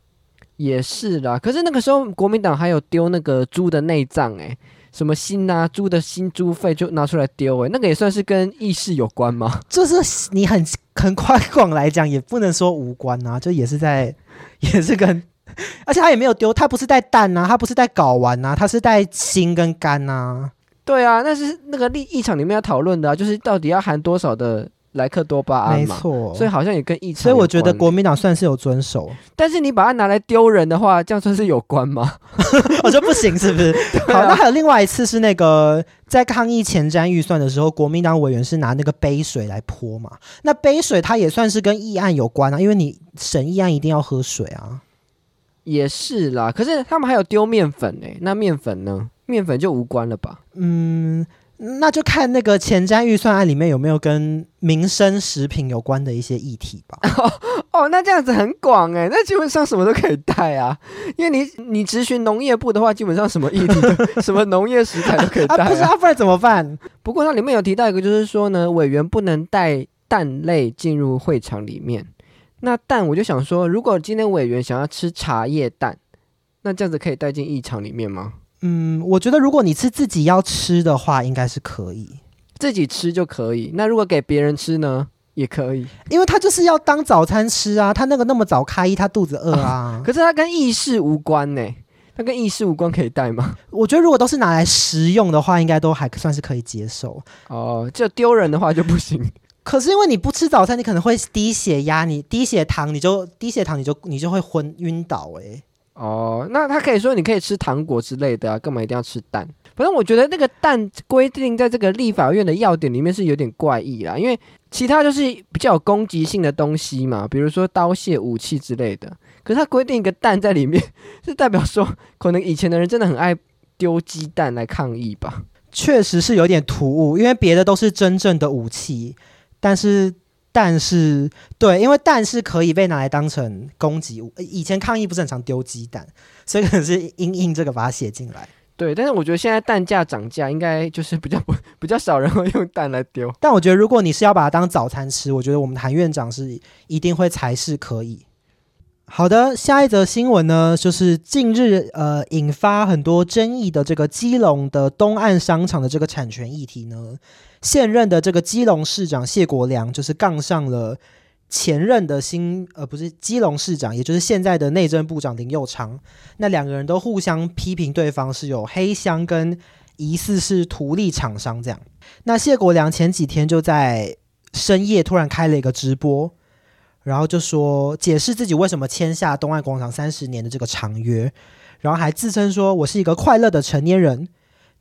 Speaker 1: 也是啦，可是那個時候國民黨還有丟那個豬的內臟，哎，什麼心吶、啊，豬的心、豬肺就拿出來丟，哎，那個也算是跟議事有關嗎？就是你很很寬
Speaker 2: 廣來講，也不能說無關啊，就也是在，也是跟。 而且他也沒有丟，他不是帶蛋吶、啊，他不是帶睾丸吶、啊，他是帶心跟肝吶、啊。
Speaker 1: 對啊，那是那個議議場裡面要討論的、啊，就是到底要含多少的萊克多巴胺、啊、嘛。沒錯錯，所以好像也跟議、欸。所以我覺得國
Speaker 2: 民黨算是有遵守，
Speaker 1: 但是你把它拿來丟人的話，這樣算是有關嗎？ 我說不行，是不是？ 啊、好，那還有另外一次是那個在抗議
Speaker 2: 前瞻預算的時候，國民黨委員是拿那個杯水來潑嘛。那杯水它也算是跟議案有關啊，因為你審議案一定要喝
Speaker 1: 水啊。也是啦，可是他們還有丟麵粉、欸、粉呢。那麵粉呢？麵粉就無關了吧？嗯，
Speaker 2: 那就看那個前瞻預算案裡面有沒有跟民生食品有關的一些議題吧。
Speaker 1: 哦，哦，那這樣子很廣誒、欸。那基本上什麼都可以帶啊，因為你你質詢農業部的話，基本上什麼議題、 什麼農業食材都可以帶、啊啊啊。啊，不然怎麼辦？不過它裡面有提到一個，就是說呢，委員不能帶蛋類進入會場裡面。那但我就想說，如果今天委員想要吃茶葉蛋，那這樣子可以帶進議場裡面嗎？嗯，我覺得如果你吃自己要吃的話，應該是可以。自己吃就可以。那如果給別人吃呢，也可以，因為他就是要當早
Speaker 2: 餐吃啊。他那個那麼早開，他肚子餓啊、嗯。
Speaker 1: 可是他跟議事無關呢、欸，他跟議
Speaker 2: 事無關可以帶嗎？我覺得如果都是拿來食用的話，應該都還算是可以接受。哦，就丟人的話就不行。 可是因為你不吃早餐，你可能會低血壓，你低血糖,你血糖你，你就低血糖，你就你就會昏暈倒。誒哦，那
Speaker 1: 他可以說你可以吃糖果之類的啊，幹嘛一定要吃蛋？反正我覺得那個蛋規定在這個立法院的要點裡面是有點怪異啦，因為其他就是比較有攻擊性的東西嘛，比如說刀械武器之類的。可是他規定一個蛋在裡面，是代表說可能以前的人真的很愛丟雞蛋來抗議吧？確實是有點
Speaker 2: 突兀，因為別的都是真正的武器。但是，但是，對，因為蛋是可以被拿來當成攻擊物，以前抗議不是很常丟雞蛋，所以可能是因應這個把它寫進來。
Speaker 1: 對，但是我覺得現在蛋價漲價，應該就是比較不比較少人會用蛋來丟。
Speaker 2: 但我覺得如果你是要把它當早餐吃，我覺得我們韓院長是一定會才是可以。好的，下一則新聞呢，就是近日呃引發很多爭議的這個基隆的東岸商場的這個產權議題呢，現任的這個基隆市長謝國樑就是槓上了前任的新，呃，不是基隆市長，也就是現在的內政部長林右昌。那兩個人都互相批評對方是有黑箱跟疑似是圖利廠商這樣。那謝國樑前幾天就在深夜突然開了一個直播，然後就說解釋自己為什麼簽下東岸廣場三十年的這個長約，然後還自稱說，我是一個快樂的成年人。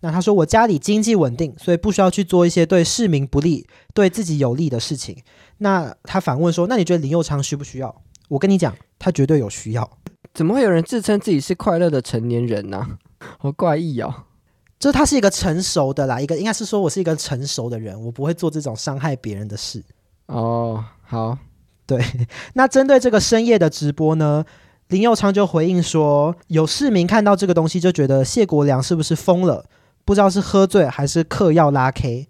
Speaker 2: 那他說我家裡經濟穩定，所以不需要去做一些對市民不利、對自己有利的事情。那他反問說：“那你覺得林右昌需不需要？”我跟你講，他絕對有需要。怎麼會有人自稱自己是快樂的成年人呢、啊？好怪異哦！就他是一個成熟的啦，一個應該是說我是一個成熟的人，我不會做這種傷害別人的事。哦，好，對。那針對這個深夜的直播呢，林右昌就回應說：“有市民看到這個東西，就覺得謝國樑是不是瘋了？”不知道是喝醉，還是嗑藥拉 K，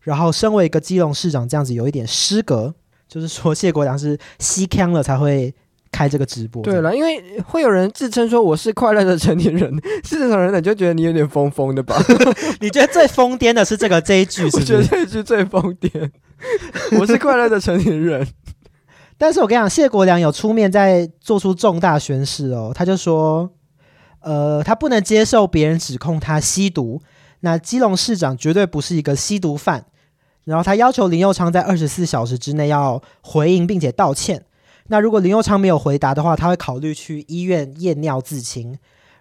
Speaker 2: 然後身為一個基隆市長，這樣子有一點失格，就是說謝國良是吸 K 了才會開這個直播。對
Speaker 1: 了，因為會有人自稱說我是快樂的成年人，是這種人你就覺得你有點瘋瘋的吧？ 你覺得最瘋癲的是這個 這一句是，不是我覺得這一句最瘋癲，我是快樂的成年人。
Speaker 2: 但是我跟你講，謝國良有出面在做出重大宣誓哦，他就說。呃，他不能接受別人指控他吸毒。那基隆市長絕對不是一個吸毒犯。然後他要求林右昌在二十四小時之內要回應，並且道歉。那如果林右昌沒有回答的話，他會考慮去醫院驗尿自清，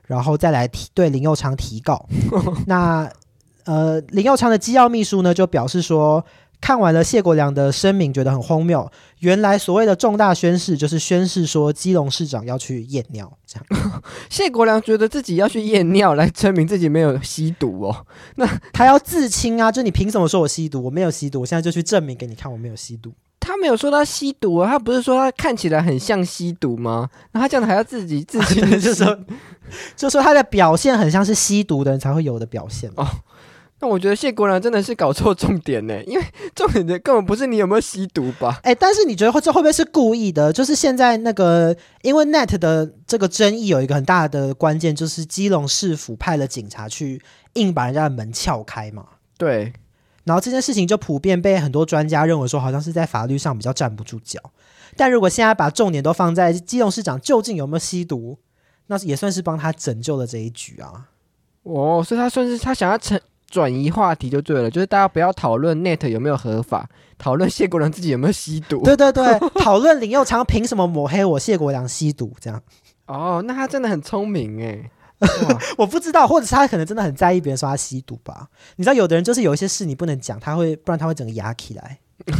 Speaker 2: 然後再來提對林右昌提告。 那呃，林右昌的機要秘書呢，就表示說。看完了謝國樑的聲明，覺得很荒謬。原來所謂的重大宣誓，就是宣誓說基隆市長要去驗尿。這樣，
Speaker 1: 謝國樑
Speaker 2: 覺得自己要去驗尿來證明自己沒有吸毒哦。那他要自清啊！就你憑什麼說我吸毒？我沒有吸毒，我現在就去證明給你看我沒有吸毒。
Speaker 1: 他沒有說他吸毒啊，他
Speaker 2: 不是說他看起來很像吸毒嗎？
Speaker 1: 那他這樣子還要自己自清、啊，
Speaker 2: 就是說， 就說他的表現很像是吸毒的人才會有的表現哦。
Speaker 1: 那我覺得謝國樑真的是搞錯重點呢，因為重點的根本不是你有沒有吸毒吧？哎、
Speaker 2: 欸，但是你覺得這會不會是故意的？就是現在那個，因為 NET 的這個爭議有一個很大的關鍵，就是基隆市府派了警察去硬把人家的門撬開嘛。
Speaker 1: 對。
Speaker 2: 然後這件事情就普遍被很多專家認為說，好像是在法律上比較站不住腳。但如果現在把重點都放在基隆市長究竟有沒有吸毒，那也算是幫他拯救了這一局啊。
Speaker 1: 哦，所以他算是他想要成。轉移話題就對了，就是大家不要討論 NET 有沒有合法，討論謝國樑自己有沒有吸毒。對對對，討
Speaker 2: 論林右昌憑什麼抹黑我謝國樑吸毒這樣。哦，oh, 那他真的很聰明誒，oh. 我不知道，或者是他可能真的很在意別人說他吸毒吧？你知道，有的人就是有一些事你不能講，他會不然他會整個啞起來。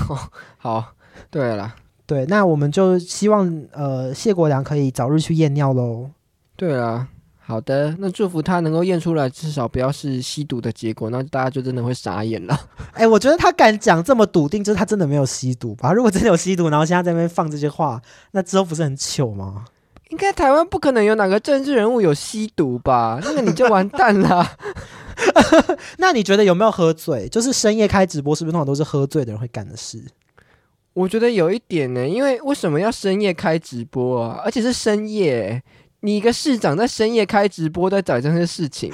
Speaker 2: Oh, 好，對了，對，那我們就希望呃謝國樑可以早日去驗尿嘍。
Speaker 1: 對啊。好的，那祝福他能夠驗出來，至少不要是吸毒的結果，那大家就真的會傻眼了。哎、欸，我覺得他敢講這麼篤定，就是他真的沒有吸毒吧？如果真的有吸毒，然後現在在那邊
Speaker 2: 放這些話，那之後不是很糗嗎？
Speaker 1: 應該台灣不可能有哪個政治人物有吸毒吧？那個你就完蛋了。那你覺得有沒有喝醉？
Speaker 2: 就是深夜開直播，是不是通常都是喝醉的人會幹的事？
Speaker 1: 我覺得有一點呢，因為為什麼要深夜開直播啊？而且是深夜。你一個市長在深夜開直播，在講這些事情，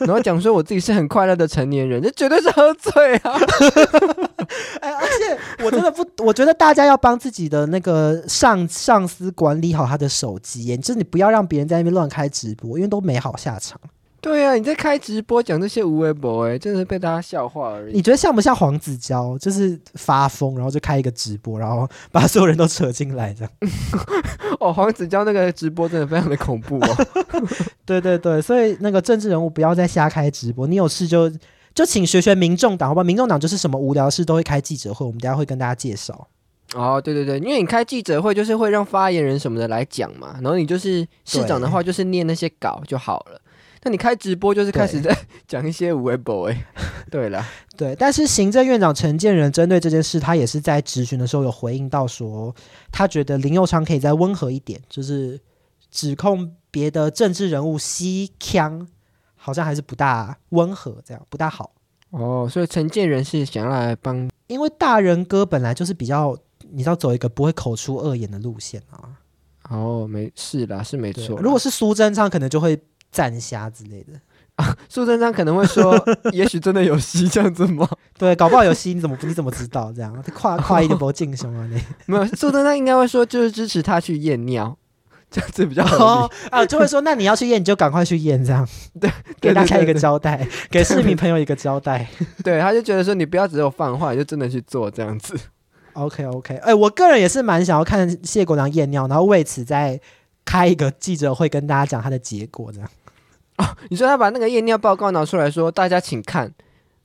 Speaker 1: 然後講說我自己是很快樂的成年人，這絕對是喝醉啊！ 哎，而且我真的不，我覺得大家要幫自己的那
Speaker 2: 個上上司管理好他的手機，就是你不要讓別人在那邊亂開直播，因為都沒好下場。
Speaker 1: 對啊，你在開直播講這些無微博，哎，真的是被大家笑話而已。你
Speaker 2: 覺得像不像黃子佼？就是發瘋，然後就開一個直播，然後把所有人都扯
Speaker 1: 進來這樣。 哦，黃子佼那個直播真的非常的恐怖哦。
Speaker 2: 對對對，所以那個政治人物不要再瞎開直播。你有事就就請學學民眾黨好不好？民眾黨就是什麼無聊事都會開記者會，我們等下會跟大家介紹。
Speaker 1: 哦，對對對，因為你開記者會就是會讓發言人什麼的來講嘛，然後你就是市長的話就是念那些稿就好了。你開直播就是開始在講對一些無謂 boy，對了，
Speaker 2: 對，但是行政院長陳建仁針對這件事，他也是在質詢的時候有回應到說，他覺得林右昌可以再溫和一點，就是指控別的政治人物吸 ㄎㄧㄤ 好像還是不大溫和，這樣不大好。哦，所以陳建仁是想要來幫，因為大仁哥本來就是比較你知道走一個不會口出
Speaker 1: 惡言的路線啊。哦，沒事的，是沒錯。如
Speaker 2: 果是蘇貞昌，可能就會。
Speaker 1: 戰蝦之類的，蘇貞昌可能會說：“ 也許真的有戲，這樣子嗎？”
Speaker 2: 對，搞不好有戲，你怎麼你怎麼知道？這樣誇誇一波勁什麼的，沒，
Speaker 1: 哦、 沒有。蘇貞昌應
Speaker 2: 該會說：“就是支持他去驗尿，這樣子比較合理。哦」理啊。”就會說：“ 那你要去驗，你就趕快去驗，這樣對，對，對，對，對，對，對，給大家一個交代，給市民朋友一個交代。”
Speaker 1: 對，他就覺得說：“你不要只有放話，你就真的去做，這樣子。”OK，OK，okay, okay.
Speaker 2: 誒、欸，我個人也是蠻想要看謝國樑驗尿，然後為此在。開一個記者會跟大家講他的結果這樣
Speaker 1: 哦，你說他把那個驗尿報告拿出來說，大家請看，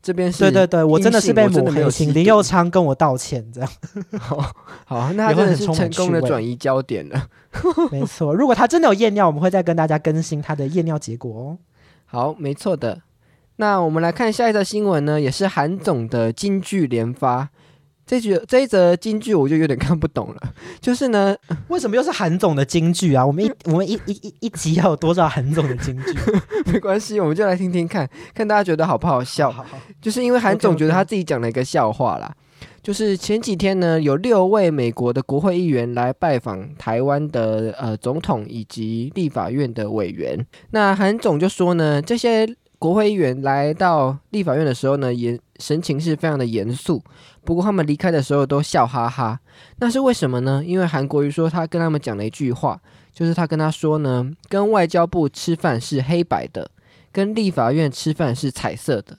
Speaker 1: 這邊是，對對對，我真的是被抹黑，的沒有請林
Speaker 2: 右昌跟我道歉這樣，哦、 好，好，那他真的是成功的轉移
Speaker 1: 焦點了， 沒錯，如果他真的有驗尿，我們會再跟大家更新他的驗尿結果哦。好，沒錯的，那我們來看下一則新聞呢，也是韓總的金句連發。這句這一則金句我就有點看不懂了，就是呢，為什麼又是韓總的金句啊？我們一 我們一一一一集要有多少韓總的金句？ 沒關係，我們就來聽聽看，看大家覺得好不好笑？好好好，就是因為韓總覺得他自己講了一個笑話啦，okay, okay, okay. 就是前幾天呢，有六位美國的國會議員來拜訪台灣的呃總統以及立法院的委員，那韓總就說呢，這些國會議員來到立法院的時候呢，也神情是非常的嚴肅。不過他們離開的時候都笑哈哈，那是為什麼呢？因為韓國瑜說他跟他們講了一句話，就是他跟他說呢，跟外交部吃飯是黑白的，跟立法院吃飯是彩色的，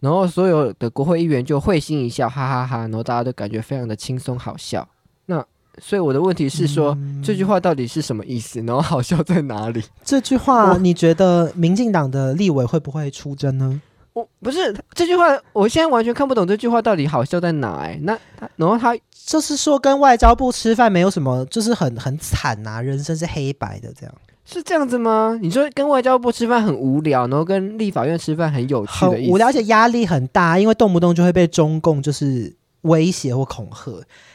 Speaker 1: 然後所有的國會議員就會心一笑，哈哈哈，然後大家都感覺非常的輕鬆好笑。那所以我的問題是說，嗯，這句話到底是什麼意思？然後好笑在哪裡？這句話我你覺
Speaker 2: 得民進黨的立委會不會出征呢？
Speaker 1: 我、哦、不是這句話，我現在完全
Speaker 2: 看不懂這句話到底好笑在哪兒？那他，然後他就是說跟外交部吃飯沒有什
Speaker 1: 麼，就是很很慘啊，人生是黑白的這樣，是這樣子嗎？你說跟外交部吃飯很無聊，然後跟立法院吃飯很有趣的意思，無聊
Speaker 2: 且壓力很大，因為動不動就會被中共就是。威脅或恐嚇，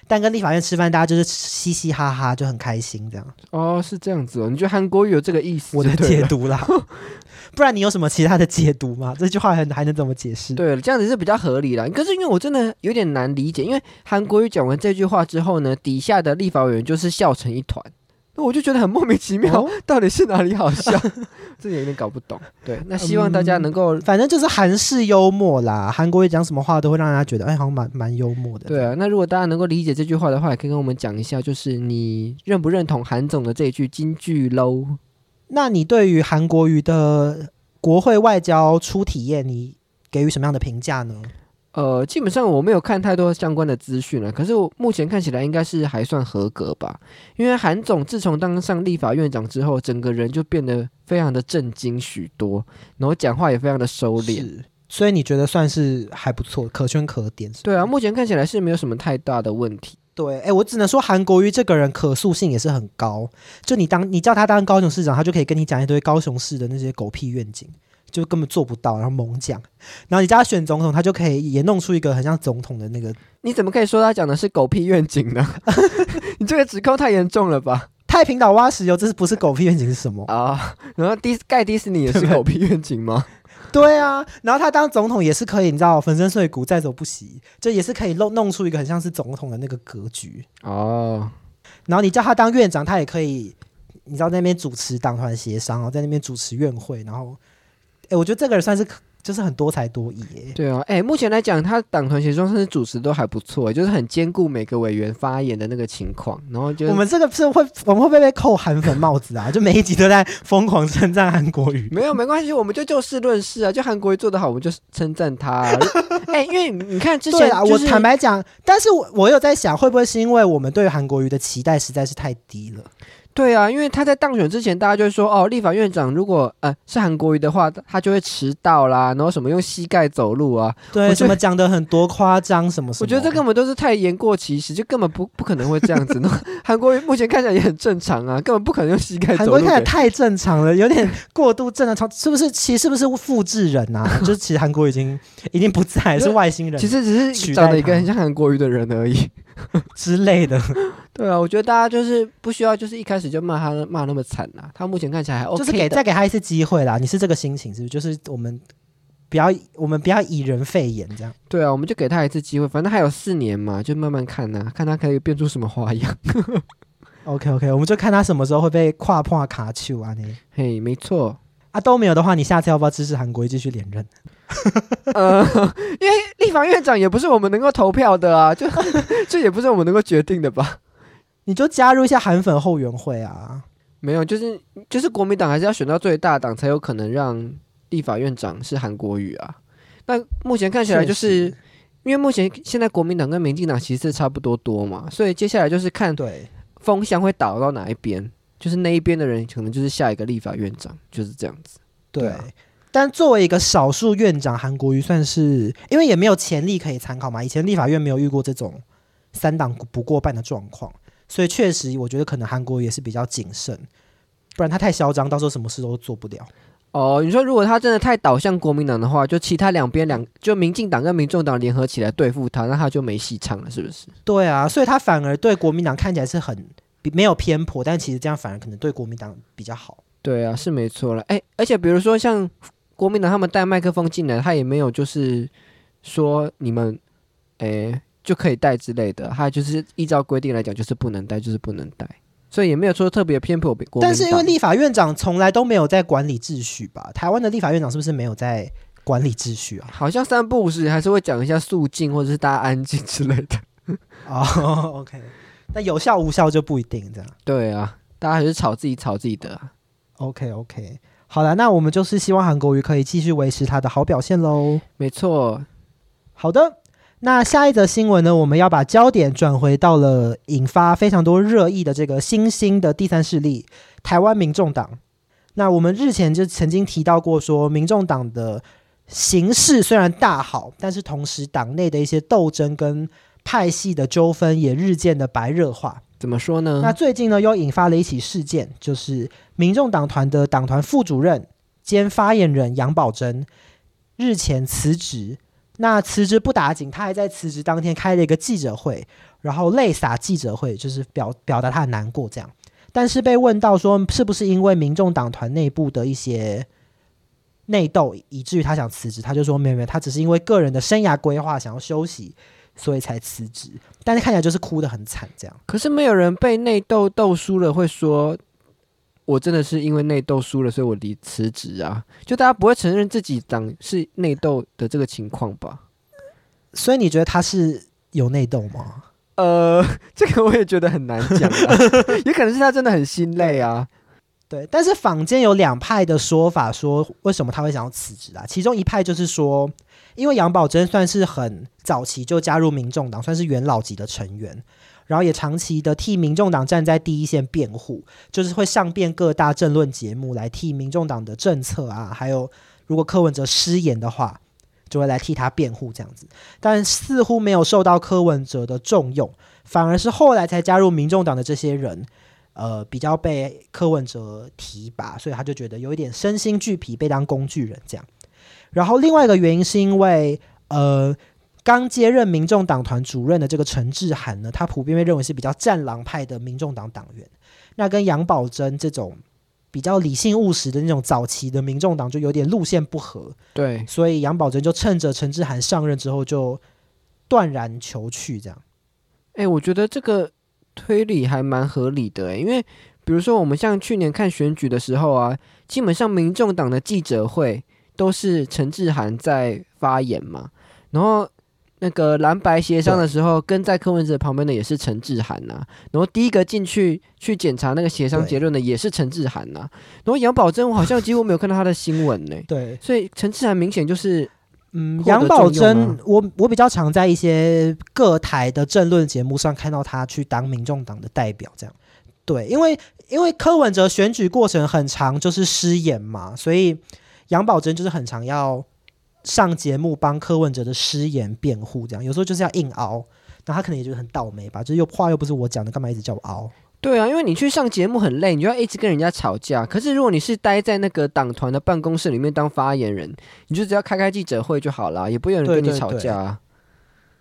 Speaker 1: 但跟立法院吃飯，大家就是嘻
Speaker 2: 嘻哈哈，就很開心這樣。
Speaker 1: 哦，是這樣子哦。你覺得韓國瑜有這個意思？我的解讀啦， 不然你有什麼其他的解讀嗎？這句話還還能怎麼解釋？對了，這樣子是比較合理的。可是因為我真的有點難理解，因為韓國瑜講完這句話之後呢，底下的立法委員就是笑成一團。我就覺得很莫名其妙，哦、到底是哪裡好笑？ 這也有點搞不懂。對，那希望大家能夠、嗯，
Speaker 2: 反正就是韓式幽默啦。韓國瑜講什麼話都會讓人家覺得，哎，好像蠻蠻幽默的。
Speaker 1: 對啊，那如果大家能夠理解這句話的話，也可以跟我們講一下，就是你認不認同韓總的這一句金句嘍？那你對於韓國瑜的國會外交初體驗，你給予什麼樣的評價呢？呃，基本上我沒有看太多相關的資訊了。可是我目前看起來應該是還算合格吧，因為韓總自從當上立法院長之後，整個人就變得非常的震驚許多，然後講話也非常的收斂。是，所以你覺得算是還不錯，可圈可點，是嗎？對啊，目前看起來是沒有什麼太大的問題。對，哎、欸，我只能說韓國瑜這個
Speaker 2: 人可塑性也是很高。就你當你叫他當高雄市長，他就可以跟你講一堆高雄市的那些狗屁願景。就根本做不到，然後猛講，然後你叫他選總統，他就可以也弄
Speaker 1: 出一個很像總統的那個。你怎麼可以說他講的是狗屁願景呢？ 你這個指控太嚴重了吧？太平島挖石油，這是不是狗屁願景是什麼啊？Oh，然後迪蓋迪
Speaker 2: 士尼也是狗屁願
Speaker 1: 景嗎？對，
Speaker 2: 對， 對啊，然後他當總統也是可以，你知道粉身碎骨在所不惜，這也是可以弄弄出一個很像是總統的那個格局
Speaker 1: 哦。Oh.
Speaker 2: 然後你叫他當院長，他也可以，你知道在那邊主持黨團協商哦，在那邊主持院會，然後。哎、欸，我覺得這個人算是就是很多才多藝哎、
Speaker 1: 欸。對啊，哎、欸，目前來講，他黨團協商甚至主持都還不錯、欸，就是很兼顧每個委員發言的那個情況。然後就我們這
Speaker 2: 個是會，我們會不會被扣韓粉帽子啊？就每一集都在瘋狂稱讚韓國瑜。
Speaker 1: 沒有，沒關係，我們就就事論事啊，就韓國瑜做得好，我們就稱讚他、啊。哎、 欸，因
Speaker 2: 為你看之前啊，啦就是、我坦白講，
Speaker 1: 但是我我有在想，會不會是因為我們對韓國瑜的期待
Speaker 2: 實在是太低了？
Speaker 1: 對啊，因為他在當選之前，大家就會說哦，立法院長如果呃是韓國瑜的話，他就會遲到啦，然後什麼用膝蓋走路啊，對，得什麼講的很多誇張什麼什麼。我覺得這根本都是太言過其實， 就根本不不可能會這樣子。韓國瑜目前看起來也很正常啊，根本不可能用膝蓋走路。韓國瑜看起來太
Speaker 2: 正常了，有點過度正常，他是不是其實是不是複制人吶、啊？ 就是其實韓國瑜已經已經不在，就是外星人，其實只是長得一個很
Speaker 1: 像韓國瑜的人而已。 之類的， 對啊，我覺得大家就是不需要，就是一開始就罵他罵那麼慘啦、啊。他目前看起來還 OK，就是給再給他一次機會啦。你是這個心情是不是？就是我們不要我們不要以人廢言這樣。 對啊，我們就給他一次機會，反正還有四年嘛，就慢慢看吶、啊，看他可以變出什麼花樣。 OK OK，我們就看他什麼時候會被跨破卡球啊？嘿，hey, 沒錯。
Speaker 2: 啊、都沒有的話，你下次要不要支持韓國瑜繼續連任？ 呃，
Speaker 1: 因為立法院長也不是我們能夠投票的啊，就這也不是我們能夠決定的吧？ 你就
Speaker 2: 加入一下韓粉後援會啊？
Speaker 1: 沒有，就是就是國民黨還是要選到最大黨才有可能讓立法院長是韓國瑜啊。那目前看起來就是，是，是因為目前現在國民黨跟民進黨其實差不多多嘛，所以接下來就是看對風向會倒到哪一邊。就是那一邊的人，可能就是下一個立法院長，就是這樣子。對啊。
Speaker 2: 對，但作為一個少數院長，韓國瑜算是，因為也沒有前例可以參考嘛。以前立法院沒有遇過這種三黨不過半的狀況，所以確
Speaker 1: 實我覺得可能韓國瑜也是比較謹慎，不然他太囂張，到時候什麼事都做不了。哦，呃，你說如果他真的太倒向國民黨的話，就其他兩邊兩就民進黨跟民眾黨聯合起來對付他，那他就沒戲唱了，是不是？
Speaker 2: 對啊，所以他反而對國民黨看起來是很。比沒有偏頗，但其實這樣反而可能對國民黨比較好。
Speaker 1: 對啊，是沒錯了。哎、欸，而且比如說像國民黨他們帶麥克風進來，他也沒有就是說你們哎、欸、就可以帶之類的，他就是依照規定來講，就是不能帶，就是不能帶，所以也沒有說特別偏頗國民黨。但是因為立法院長從來都沒有在管理秩
Speaker 2: 序吧？台灣的立法院長是不是沒有在管理秩序啊？好像三不五時還是會講一下肅
Speaker 1: 靜或者是大家安靜之類的。哦、 oh,，OK。但有效無效就不一定這樣。對啊，大家還是炒自己炒自己的。
Speaker 2: OK OK，好了，那我們就是希望韓國瑜可以繼續維持他的好表現嘍。沒錯。好的，那下一則新聞呢？我們要把焦點轉回到了引發非常多熱議的這個新興的第三勢力——台灣民眾黨。那我們日前就曾經提到過，說民眾黨的形勢雖然大好，但是同時黨內的一些鬥爭跟。派系的糾紛也日漸的白熱化，怎麼說呢？那最近呢，又引發了一起事件，就是民眾黨團的黨團副主任兼發言人楊寶楨日前辭職。那辭職不打緊，他還在辭職當天開了一個記者會，然後淚灑記者會，就是表表達他很難過這樣。但是被問到說是不是因為民眾黨團內部的一些內鬥，以至於他想辭職，他就說沒有沒有，他只是因為個人的生涯規劃想
Speaker 1: 要休息。所以才辭職，
Speaker 2: 但是看起來就是哭得很慘，這樣。
Speaker 1: 可是沒有人被內鬥鬥輸了會說，我真的是因為內鬥輸了，所以我離辭職啊。就大家不會承認自己黨是內鬥的這個情況吧？所以你覺得他是有內鬥
Speaker 2: 嗎？呃，這
Speaker 1: 個我也覺得很難講、
Speaker 2: 啊， 也可能是他真的很心累啊。對，但是坊間有兩派的說法，說為什麼他會想要辭職啊？其中一派就是說。因為楊寶楨算是很早期就加入民眾黨，算是元老級的成員，然後也長期的替民眾黨站在第一線辯護，就是會上遍各大政論節目來替民眾黨的政策啊，還有如果柯文哲失言的話，就會來替他辯護這樣子。但似乎沒有受到柯文哲的重用，反而是後來才加入民眾黨的這些人，呃，比較被柯文哲提拔，所以他就覺得有一點身心俱疲，被當工具人這樣。然後另外一個原因是因為，呃，剛接任民眾黨團主任的這個陳智菡呢，他普遍被認為是比較戰狼派的民眾黨黨員，那跟楊寶楨這種比較理性務實的那種早期的民眾黨就有點路線不合，對，所以楊寶楨就趁着陳智菡上任之後就斷然求去，這樣。
Speaker 1: 哎，我覺得這個推理還蠻合理的，因為比如說我們像去年看選舉的時候啊，基本上民眾黨的記者會。都是陳志涵在發言嘛，然後那個藍白協商的時候，對跟在柯文哲旁邊的也是陳志涵吶、啊，然後第一個進去去檢查那個協商結論的也是陳志涵吶、啊，對然後楊寶楨我好像幾乎沒有看到他的新聞呢、欸， 對，所以陳志涵明顯就是，嗯，楊寶楨我我比較
Speaker 2: 常在一些各台的政論節目上看到他去當民眾黨的代表這樣，對，因為因為柯文哲選舉過程很長，就是失言嘛，所以。楊寶楨就是很常要上節目幫柯文哲的失言辯護，這樣有時候就是要硬拗。那他可能也就很倒霉吧，就是又話又不是我講的，幹嘛一直叫我拗？
Speaker 1: 對啊，因為你去上節目很累，你就要一直跟人家吵架。可是如果你是待在那個黨團的辦公室裡面當發言人，你就只要開開記者會就好了，也不會有人跟你對對對吵架啊。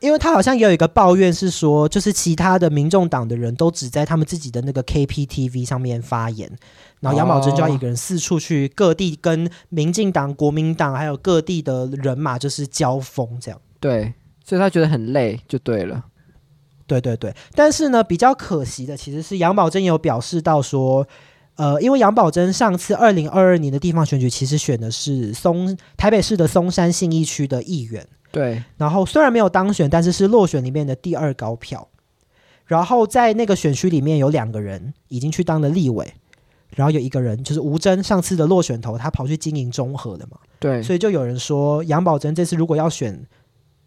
Speaker 2: 因為他好像也有一個抱怨是說，就是其他的民眾黨的人都只在他們自己的那個 KPTV 上面發言，然後楊寶楨就要一個人四處去各地跟民進黨、國民黨還有各地的人馬就是交鋒，這樣。
Speaker 1: 對，所以他覺得很累就對了。對對對，
Speaker 2: 但是呢，比較可惜的其實是楊寶楨有表示到說，呃，因為楊寶楨上次二零二二年的地方選舉其實選的是松台北市的松山信義區的
Speaker 1: 議員。對，
Speaker 2: 然後雖然沒有當選，但是是落選裡面的第二高票。然後在那個選區裡面有兩個人已經去當了立委，然後有一個人就是吳崢上次的落選頭，他跑去經營中和的嘛。對，所以就有人說楊寶楨這次如果要選，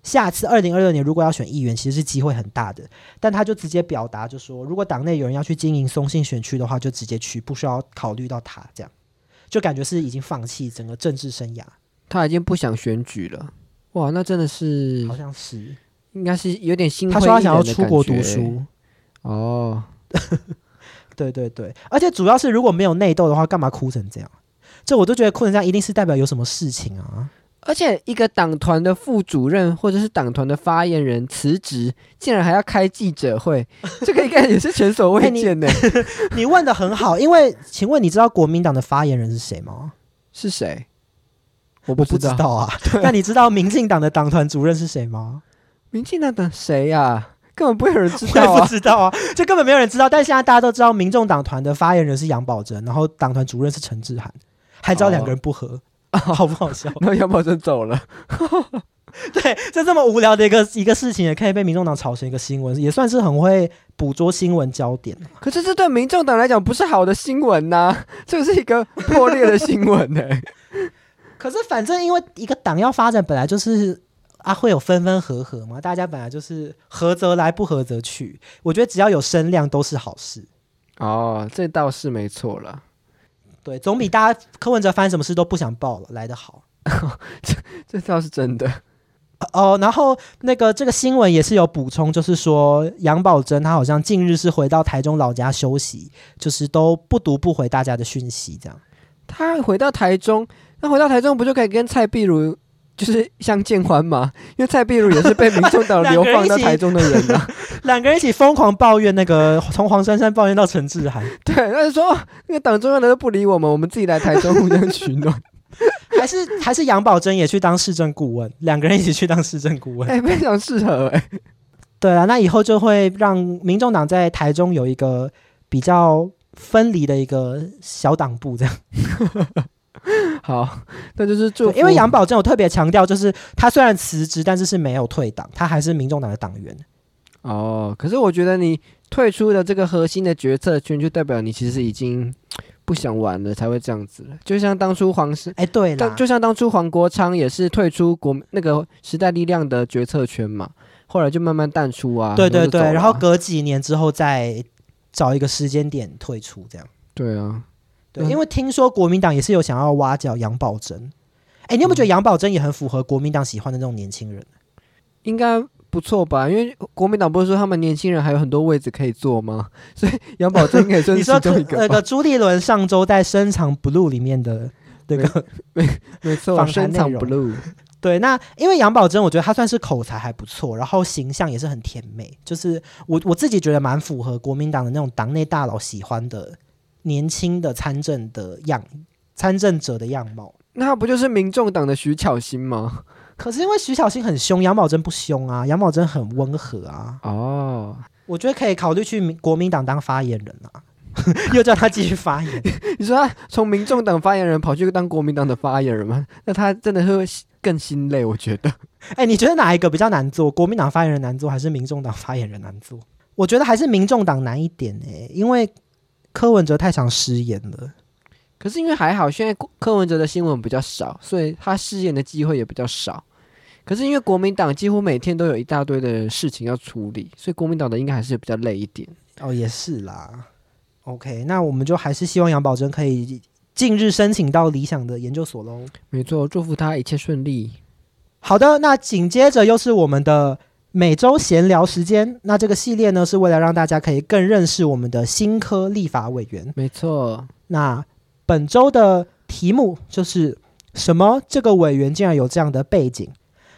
Speaker 2: 下次二零二六年如果要選議員，其實是機會很大的。但他就直接表達就說，如果黨內有人要去經營松信選區的話，就直接去，不需要考慮到他，這樣就感覺是已經放棄
Speaker 1: 整個政治生涯。他已經不想選舉了。哇，那真的是好像是，應該是有點心灰意冷的感覺。他說他想要出國讀書，哦， 對，
Speaker 2: 對對對，而且主要是如果沒有內鬥的話，幹嘛哭成這樣？
Speaker 1: 這我都覺得哭成這樣一
Speaker 2: 定是代表有什麼事情啊！
Speaker 1: 而且一個黨團的副主任或者是黨團的發言人辭職，竟然還要開記者會， 這個應該也是前所未見的。
Speaker 2: 欸欸。你問的很好。 因為請問你知道國民黨的發言人是誰嗎？是誰？我不,我不知道啊，對但你知道民進黨的黨團主任是誰嗎？ 民進黨的誰呀、啊？根本不會有人知道、啊，我不知道啊，這 根本沒有人知道。但現在大家都知道，民眾黨團的發言人是楊寶楨，然後黨團主任是陳智菡，還知道兩個人不合，好,啊、 好不
Speaker 1: 好笑？ 那楊寶
Speaker 2: 楨走了， 對，就這麼無聊的一個一個事情，也可以被民眾黨炒成一個新聞，也算是很會捕捉新聞焦點。
Speaker 1: 可是這對民眾黨來講不是好的新聞吶、啊，這是一個破裂的新聞呢、欸。
Speaker 2: 可是，反正因為一個黨要發展，本來就是啊，會有分分合合嘛。大家本來就是合則來，不合則去。我覺得只要有聲量，都是好事。哦，這倒是沒錯了。對，總比大家柯文哲發生什麼事都不想報了來得好。哦，這這倒是真的。哦，然後那個這個新聞也是有補充，就是說楊寶楨她好像近日是回到台中老家休
Speaker 1: 息，就是都
Speaker 2: 不讀不回大家的訊息，這樣。
Speaker 1: 他回到台中。那、啊、回到台中不就可以跟蔡壁如就是相見歡嗎？因為蔡壁如也是被民眾黨流放到台中的人嘛。兩 個人一起瘋 狂抱怨那個從黃珊珊抱怨到
Speaker 2: 陳智菡，對，那是說那個黨中央的都不理我們，我們自己來台中互相取暖。 還是還是楊寶楨也去當市政顧問，兩個人一起去當市政顧問，哎、欸，非常適合哎、欸。對啊，那以後就會讓民眾黨在台中有一個比較分離的一個小黨部這樣。 好，
Speaker 1: 那就是做因為楊寶
Speaker 2: 楨有特別強調，就是他雖然辭職，但是是沒有退黨，他
Speaker 1: 還是民眾黨的黨員。哦，可是我覺得你退出的這個核心的決策圈，就代表你其實已經不想玩了，才會這樣子。就像當初黃世，哎，對，就像當初黃國昌也是退出國那個時代力量的決策圈嘛，後來就慢慢淡出啊。對對對，啊、然後隔幾年
Speaker 2: 之後再找一個時間點退出，這樣。
Speaker 1: 對啊。對，因
Speaker 2: 為聽說國民黨也是有想要挖角楊寶楨。哎、欸，你有沒有覺得楊寶楨也很符合國民黨喜歡的那種年輕人？
Speaker 1: 應該不錯吧？因為國民黨不是說他們年輕人還有很多位置可以坐嗎？所以楊寶楨應該算其中一個。那、 呃、個朱立倫上周在《深藏不露》裡面的
Speaker 2: 那個訪談內容，藏對，那因為楊寶楨，我覺得她算是口才還不錯，然後形象也是很甜美，就是我我自己覺得蠻符合國民黨的那種黨內大佬喜歡的。年輕的參政的樣，參政者的樣貌，那不就是民眾黨的徐巧芯嗎？可是因為徐巧芯很凶，楊寶楨不凶啊，楊寶楨很溫和啊。哦，oh. 我覺得可以考慮去民國民黨當發言人啊， 又叫他繼續發言。
Speaker 1: 你,你說他從民眾黨發言人跑去當國民黨的發言人嗎？那他真的是會更心累，我覺得。哎、欸，你覺得哪一個比較難做？國
Speaker 2: 民黨發言人難做，還是民眾黨發言人難做？我覺得還是民眾黨難一點哎、欸，因為。柯文哲太常失言了，
Speaker 1: 可是因為還好，現在柯文哲的新聞比較少，所以他失言的機會也比較少。可是因為國民黨幾乎每天都有一大堆的事情要處理，所以國民黨的應該還是比較累一點。哦，也是啦。
Speaker 2: OK，那我們就還是希望楊寶楨可以近日申請到理想的研究所嘍。沒錯，祝福他一切順利。好的，那緊接着又是我們的。每週閒聊時間，那這個系列呢，是為了讓大家可以更認識我們的新科立法委員。沒錯，那本周的題目就是什麼？這個委員竟然有這樣的背景。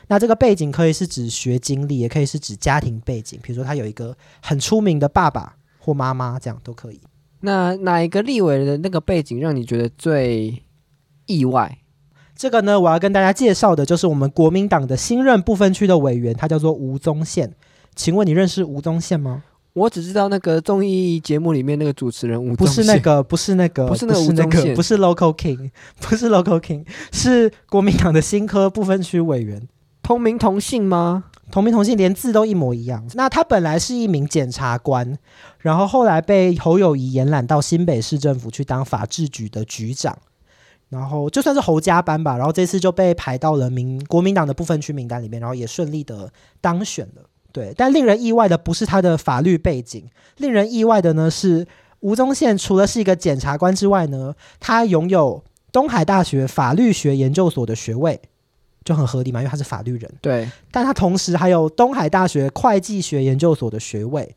Speaker 2: 那這個背景可以是指學經歷，也可以是指家庭背景，比如說他有一個很出名的爸爸或媽媽，這樣都可以。
Speaker 1: 那哪一個立委的那個背景讓你覺得最意外？
Speaker 2: 這個呢，我要跟大家介紹的，就是我們國民黨的新任不分區的委員，他叫做吳宗憲。請問你認識吳宗憲嗎？
Speaker 1: 我只知道那個綜藝節目裡面那個主持人吳宗憲，不是那個，不是那個，不是那個吳宗憲，不是 local king，不是 local king，
Speaker 2: 是國民黨的新科不分區委員。
Speaker 1: 同名同姓嗎？同名同
Speaker 2: 姓，連字都一模一樣。那他本來是一名檢察官，然後後來被侯友宜延攬到新北市政府去當法制局的局長。然後就算是侯家班吧，然後這次就被排到了民國民黨的不分區名單裡面，然後也順利的當選了。對，但令人意外的不是他的法律背景，令人意外的呢是吳宗憲除了是一個檢察官之外呢，他擁有東海大學法律學研究所的學位，就很合理嘛，因為他是法律人。對，但他同時還有東海大學會計學研究所的學位，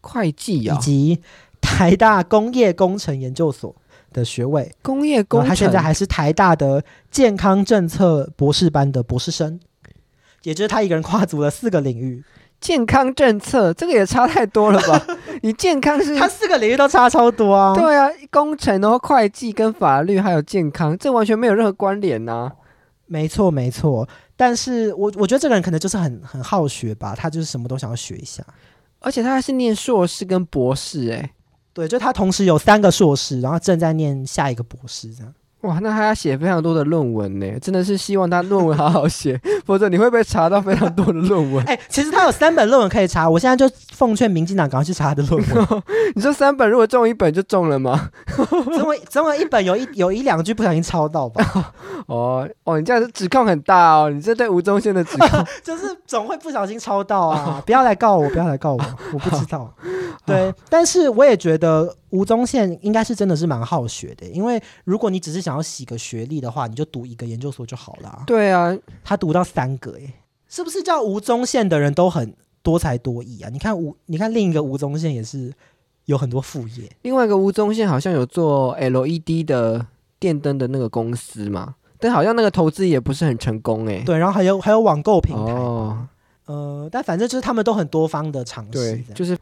Speaker 2: 會計啊，以及台大工業工程研究所的學位，工
Speaker 1: 業工程，他現在還
Speaker 2: 是台大的健康政策博士班的博士生，也就是他一個人跨足了四個領域，
Speaker 1: 健康政策這個也差太多了吧？ 你健康是，他四個領域都差超多啊！對啊，工程、喔、然後會計跟法律還有健康，這完全沒有任何關聯吶、啊。沒錯，沒錯，
Speaker 2: 但是我我覺得這個人可能就是很很好學吧，他就是什麼都想要學一下，而且他還是念碩士跟博士誒、欸。對，就他同時有三個碩士，然後正在念下一個博士，這
Speaker 1: 樣。哇，那他要寫非常多的論文呢，真的是希望他論文好好寫， 否則你會不會查到非常多的論文。哎、 欸，其實他有三本論文可以查，我現在就奉勸民進黨趕快去查他的論文。哦、你說三本，如果中一本就中了嗎？總總有一本有一有一兩句不小心抄到吧？哦哦，你這樣子指控很大哦，你這對吳宗憲的指控，
Speaker 2: 就是總會不小心抄到啊！
Speaker 1: 哦、不要來告我，不要來告我，哦、我不知道。對，但是我也覺得
Speaker 2: 吳宗憲應該是真的是蠻好學的、欸，因為如果你只是想要洗個學歷的話，你就讀一個研究所就好了。對啊，他讀到三個耶、欸，是不是叫吳宗憲的人都很多才多藝啊？你看吳，你看另一個吳宗憲也是有很多副業，
Speaker 1: 另外一個吳宗憲好像有做 LED 的電燈的那個公司嘛，但好像那個投資也不是很成功哎、欸。對，然後還有還有網購品哦。
Speaker 2: 呃，但反正就是他們都很多方的嘗試，就是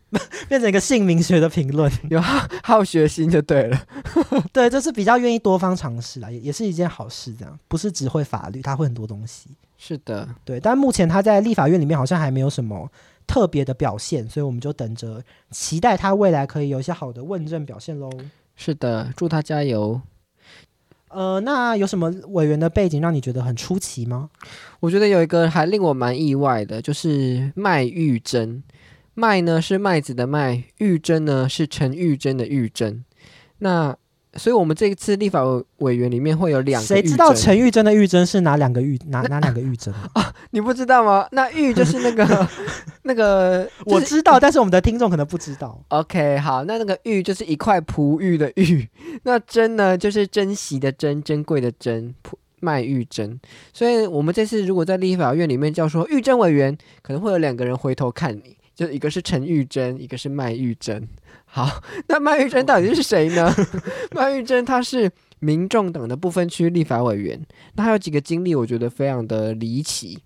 Speaker 2: 變成一個姓名學的評論，有好，
Speaker 1: 好學心就對了，
Speaker 2: 對，就是比較願意多方嘗試啦，也也是一件好事，這樣不是只會法律，他會很多東西，是的，對，但目前他在立法院裡面好像還沒有什麼特別的表現，所以我們就等着期待他未來可以有一些好的問政表現嘍，
Speaker 1: 是的，祝他加油。呃，那有什麼委員的背景讓你覺得很出奇嗎？我覺得有一個還令我蠻意外的，就是麥玉珍。麥呢是麥子的麥，玉珍呢是陳玉珍的玉珍。那。所以，我們這一次立法委員裡面會有兩個，誰知道陳
Speaker 2: 玉珍的玉珍是哪兩個玉哪那哪兩個玉珍啊，啊？
Speaker 1: 你不知道嗎？那玉就是那個 那個、就是，我知道，但是
Speaker 2: 我們的聽眾可能不知道。
Speaker 1: OK，好，那那個玉就是一塊璞玉的玉，那珍呢就是珍惜的珍，珍貴的珍，麥玉珍。所以我們這次如果在立法院裡面叫說玉珍委員，可能會有兩個人回頭看你，就一個是陳玉珍，一個是麥玉珍。好，那麥玉珍到底是誰呢？麥 Okay. 玉珍她是民眾黨的不分區立法委員。那她有幾個經歷，我覺得非常的離奇。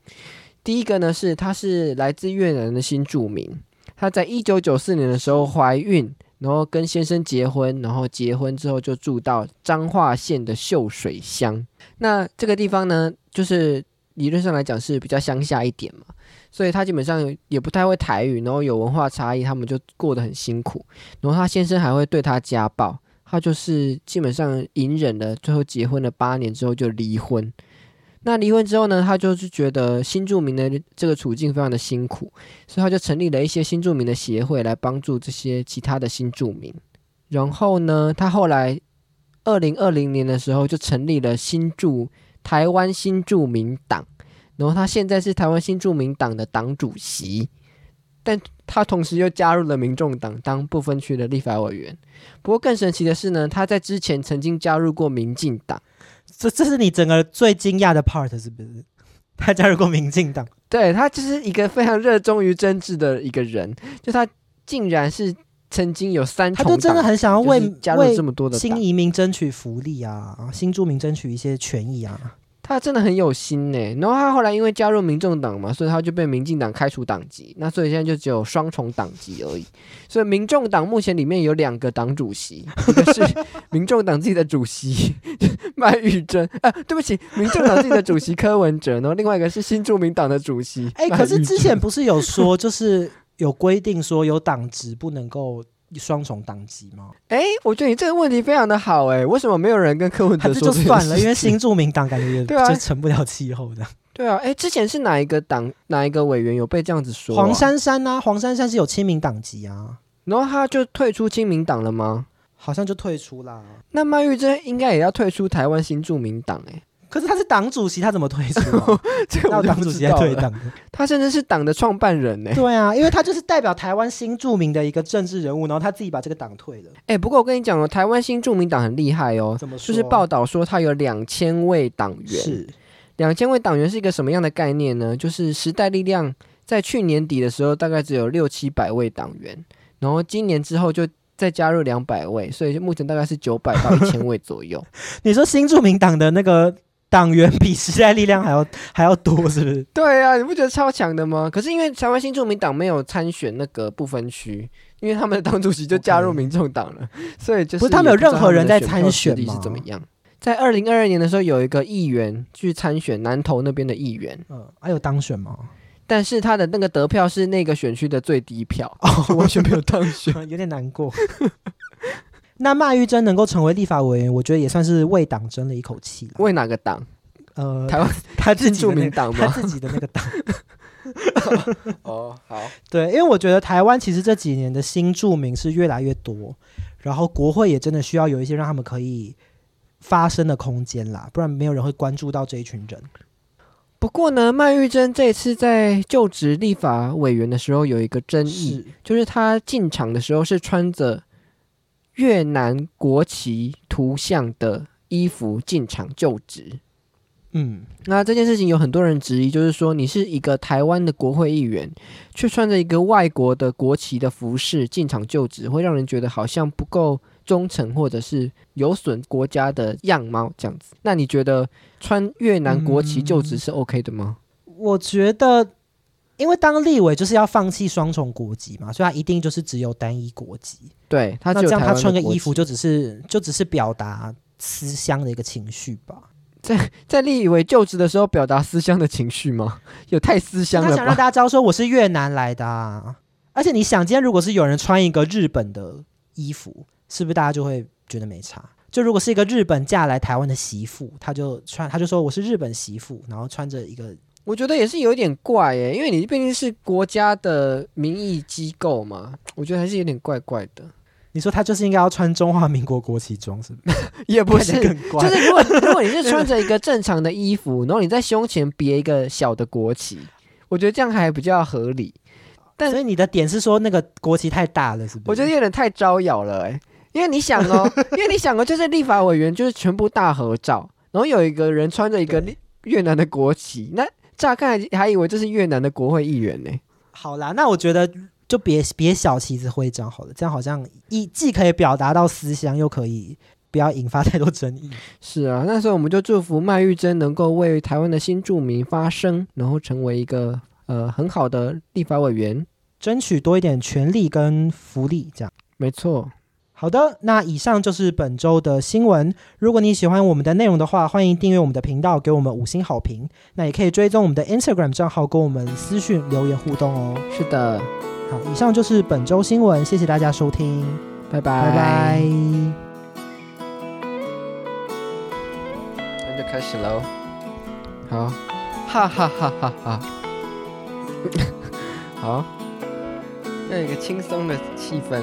Speaker 1: 第一個呢，是她是來自越南的新住民。她在一九九四年的時候懷孕，然後跟先生結婚，然後結婚之後就住到彰化縣的秀水鄉。那這個地方呢，就是。理論上來講是比較鄉下一點嘛，所以他基本上也不太會台語，然後有文化差異，他們就過得很辛苦。然後他先生還會對他家暴，他就是基本上隱忍了，最後結婚了八年之後就離婚。那離婚之後呢，他就是覺得新住民的這個處境非常的辛苦，所以他就成立了一些新住民的協會來幫助這些其他的新住民。然後呢，他後來二零二零年的時候就成立了新住。台灣新住民黨，然後他現在是台灣新住民黨的黨主席，但他同時又加入了民眾黨當不分區的立法委員。不過更神奇的是呢，他在之前曾經加入過民進黨，這這是你整個
Speaker 2: 最驚訝的 part 是不是？他加入過民進黨，
Speaker 1: 對他就是一個非常熱衷於政治的一個人，就他竟然是。曾經有三重，他就真的很想要為加入這麼多的新
Speaker 2: 移民爭取福利啊，新住民爭取一些權益啊，
Speaker 1: 他真的很有心呢、欸，然後他後來因為加入民眾黨嘛，所以他就被民進黨開除黨籍，那所以現在就只有雙重黨籍而已。所以民眾黨目前裡面有兩個黨主席， 一個是民眾黨自己的主席麥玉珍，啊，對不起，民眾黨自己的主席柯文哲，然後另外一個是新住民黨的主席。哎、欸，可是之前不是有說
Speaker 2: 就是。有規定說有黨籍不能夠雙重黨籍嗎？
Speaker 1: 哎、欸，我覺得你這個問題非常的好。哎、欸，為什麼沒有人跟柯文哲說這個？還是就算了，因為新住民黨感覺對啊，就成不了氣候的、 啊。對啊，哎、欸，之前是哪一個黨，哪一個委員有被這樣子說、啊黃珊珊啊？黃珊珊吶，黃珊珊是有親民黨籍啊，然後他就退出親民黨了嗎？
Speaker 2: 好像就退出啦。
Speaker 1: 那麥玉珍應該也要退出台灣新住民黨哎。可是他是黨主席，他怎麼退出？啊。 這個，我那黨主席要退黨，他甚至是黨的創辦人呢、欸？對
Speaker 2: 啊，因為他就是代表台灣新著名的一個政治人物，然後他自己把這個黨退了。
Speaker 1: 哎、欸，不過我跟你講哦、喔，台灣新著名黨很厲害哦、喔，就是報道說他有兩千位黨員。是，兩千位黨員是一個什麼樣的概念呢？就是時代力量在去年底的時候大概只有六七百位黨員，然後今年之後就再加入兩百位，所以目前大概是九百到一千位左右。 你說新著名黨的那個？
Speaker 2: 黨員比時代力量還要還要多，是不是？
Speaker 1: 對啊，你不覺得超強的嗎？可是因為台灣新住民黨沒有參選那個不分區，因為他們的黨主席就加入民眾黨了，Okay. 所以就是不，是不是他們有任何人在參選嗎？是怎麼樣？在二零二二年的時候，有一個議員去參選南投那邊的議員，嗯、呃，還、
Speaker 2: 啊、有當選嗎？
Speaker 1: 但是他的那個得票是那個選區的最低票， 完全沒有當選， 有點難過。
Speaker 2: 那麥玉珍能夠成為立法委員，我覺得也算是為黨爭了一口氣。為哪個黨？呃，台灣他自己新住民黨嗎？他自己的那個黨、 哦。哦，好。對，因為我覺得台灣其實這幾年的新住民是越來越多，然後國會也真的需要有一些讓他們可以發聲的空間啦，不然沒有人會關注到這一群人。
Speaker 1: 不過呢，麥玉珍這次在就職立法委員的時候有一個爭議，是就是他進場的時候是穿着。越南國旗圖像的衣服進場就職，嗯，那這件事情有很多人質疑，就是說你是一個台灣的國會議員，卻穿着一個外國的國旗的服飾進場就職，會讓人覺得好像不夠忠誠，或者是有損國家的樣貌這樣子。那你覺得穿越南國旗就職是 OK 的嗎？嗯、我覺得。因為當立委
Speaker 2: 就是要放棄雙重國籍嘛，所以他一定就是只有單一國籍。對，他就這樣，他穿個衣服就只是就只是表達思鄉的一個情緒吧？在在立委就職的時候表達思鄉的情緒嗎？有太思鄉了？他想讓大家知道說我是越南來的啊。而且你想，今天如果是有人穿一個日本的衣服，是不是大家就會覺得沒差？就如果是一個日本嫁來台灣的媳婦，他就穿，他就說我是日本媳婦，然後穿着一個。
Speaker 1: 我覺得也是有點怪哎，欸，因為你畢竟是國家的民意機構嘛，我覺得還是有點怪怪的。你說他就是應該要
Speaker 2: 穿中華民國國旗裝是不是？ 也不是很怪， 就是如果如果你是穿着一
Speaker 1: 個正常的衣服， 然後你在胸前別一個小的國旗， 我覺得這樣還比較合理。但所以你的點是說那個國旗太大了，是不是？我覺得有點太招搖了哎，欸，因為你想哦， 因為你想哦，就是立法委員就是全部大合照，然後有一個人穿着一個越對越南的國旗，那乍看還以為這是越南的國會議員呢。
Speaker 2: 好啦，那我覺得就別別小旗子徽章好了，這樣好像一既可以表達到
Speaker 1: 思鄉，又可以不要引發太多爭議。是啊，那時候我們就祝福麥玉珍能夠為台灣的新住民發聲，然後成為一個呃很好的立法委員，爭取多一點權利跟福利。這樣沒錯。好的，
Speaker 2: 那以上就是本週的新聞。如果你喜歡我們的內容的話，歡迎訂閱我們的頻道，給我們五星好評。那也可以追蹤我們的 Instagram 賬號跟我們私訊留言互動哦。是的，好，以上就是本週新聞，謝謝大家收聽，拜拜拜拜。
Speaker 1: 那就拜開始嘍，好，哈哈哈哈哈， 好，要有一個輕鬆的氣氛。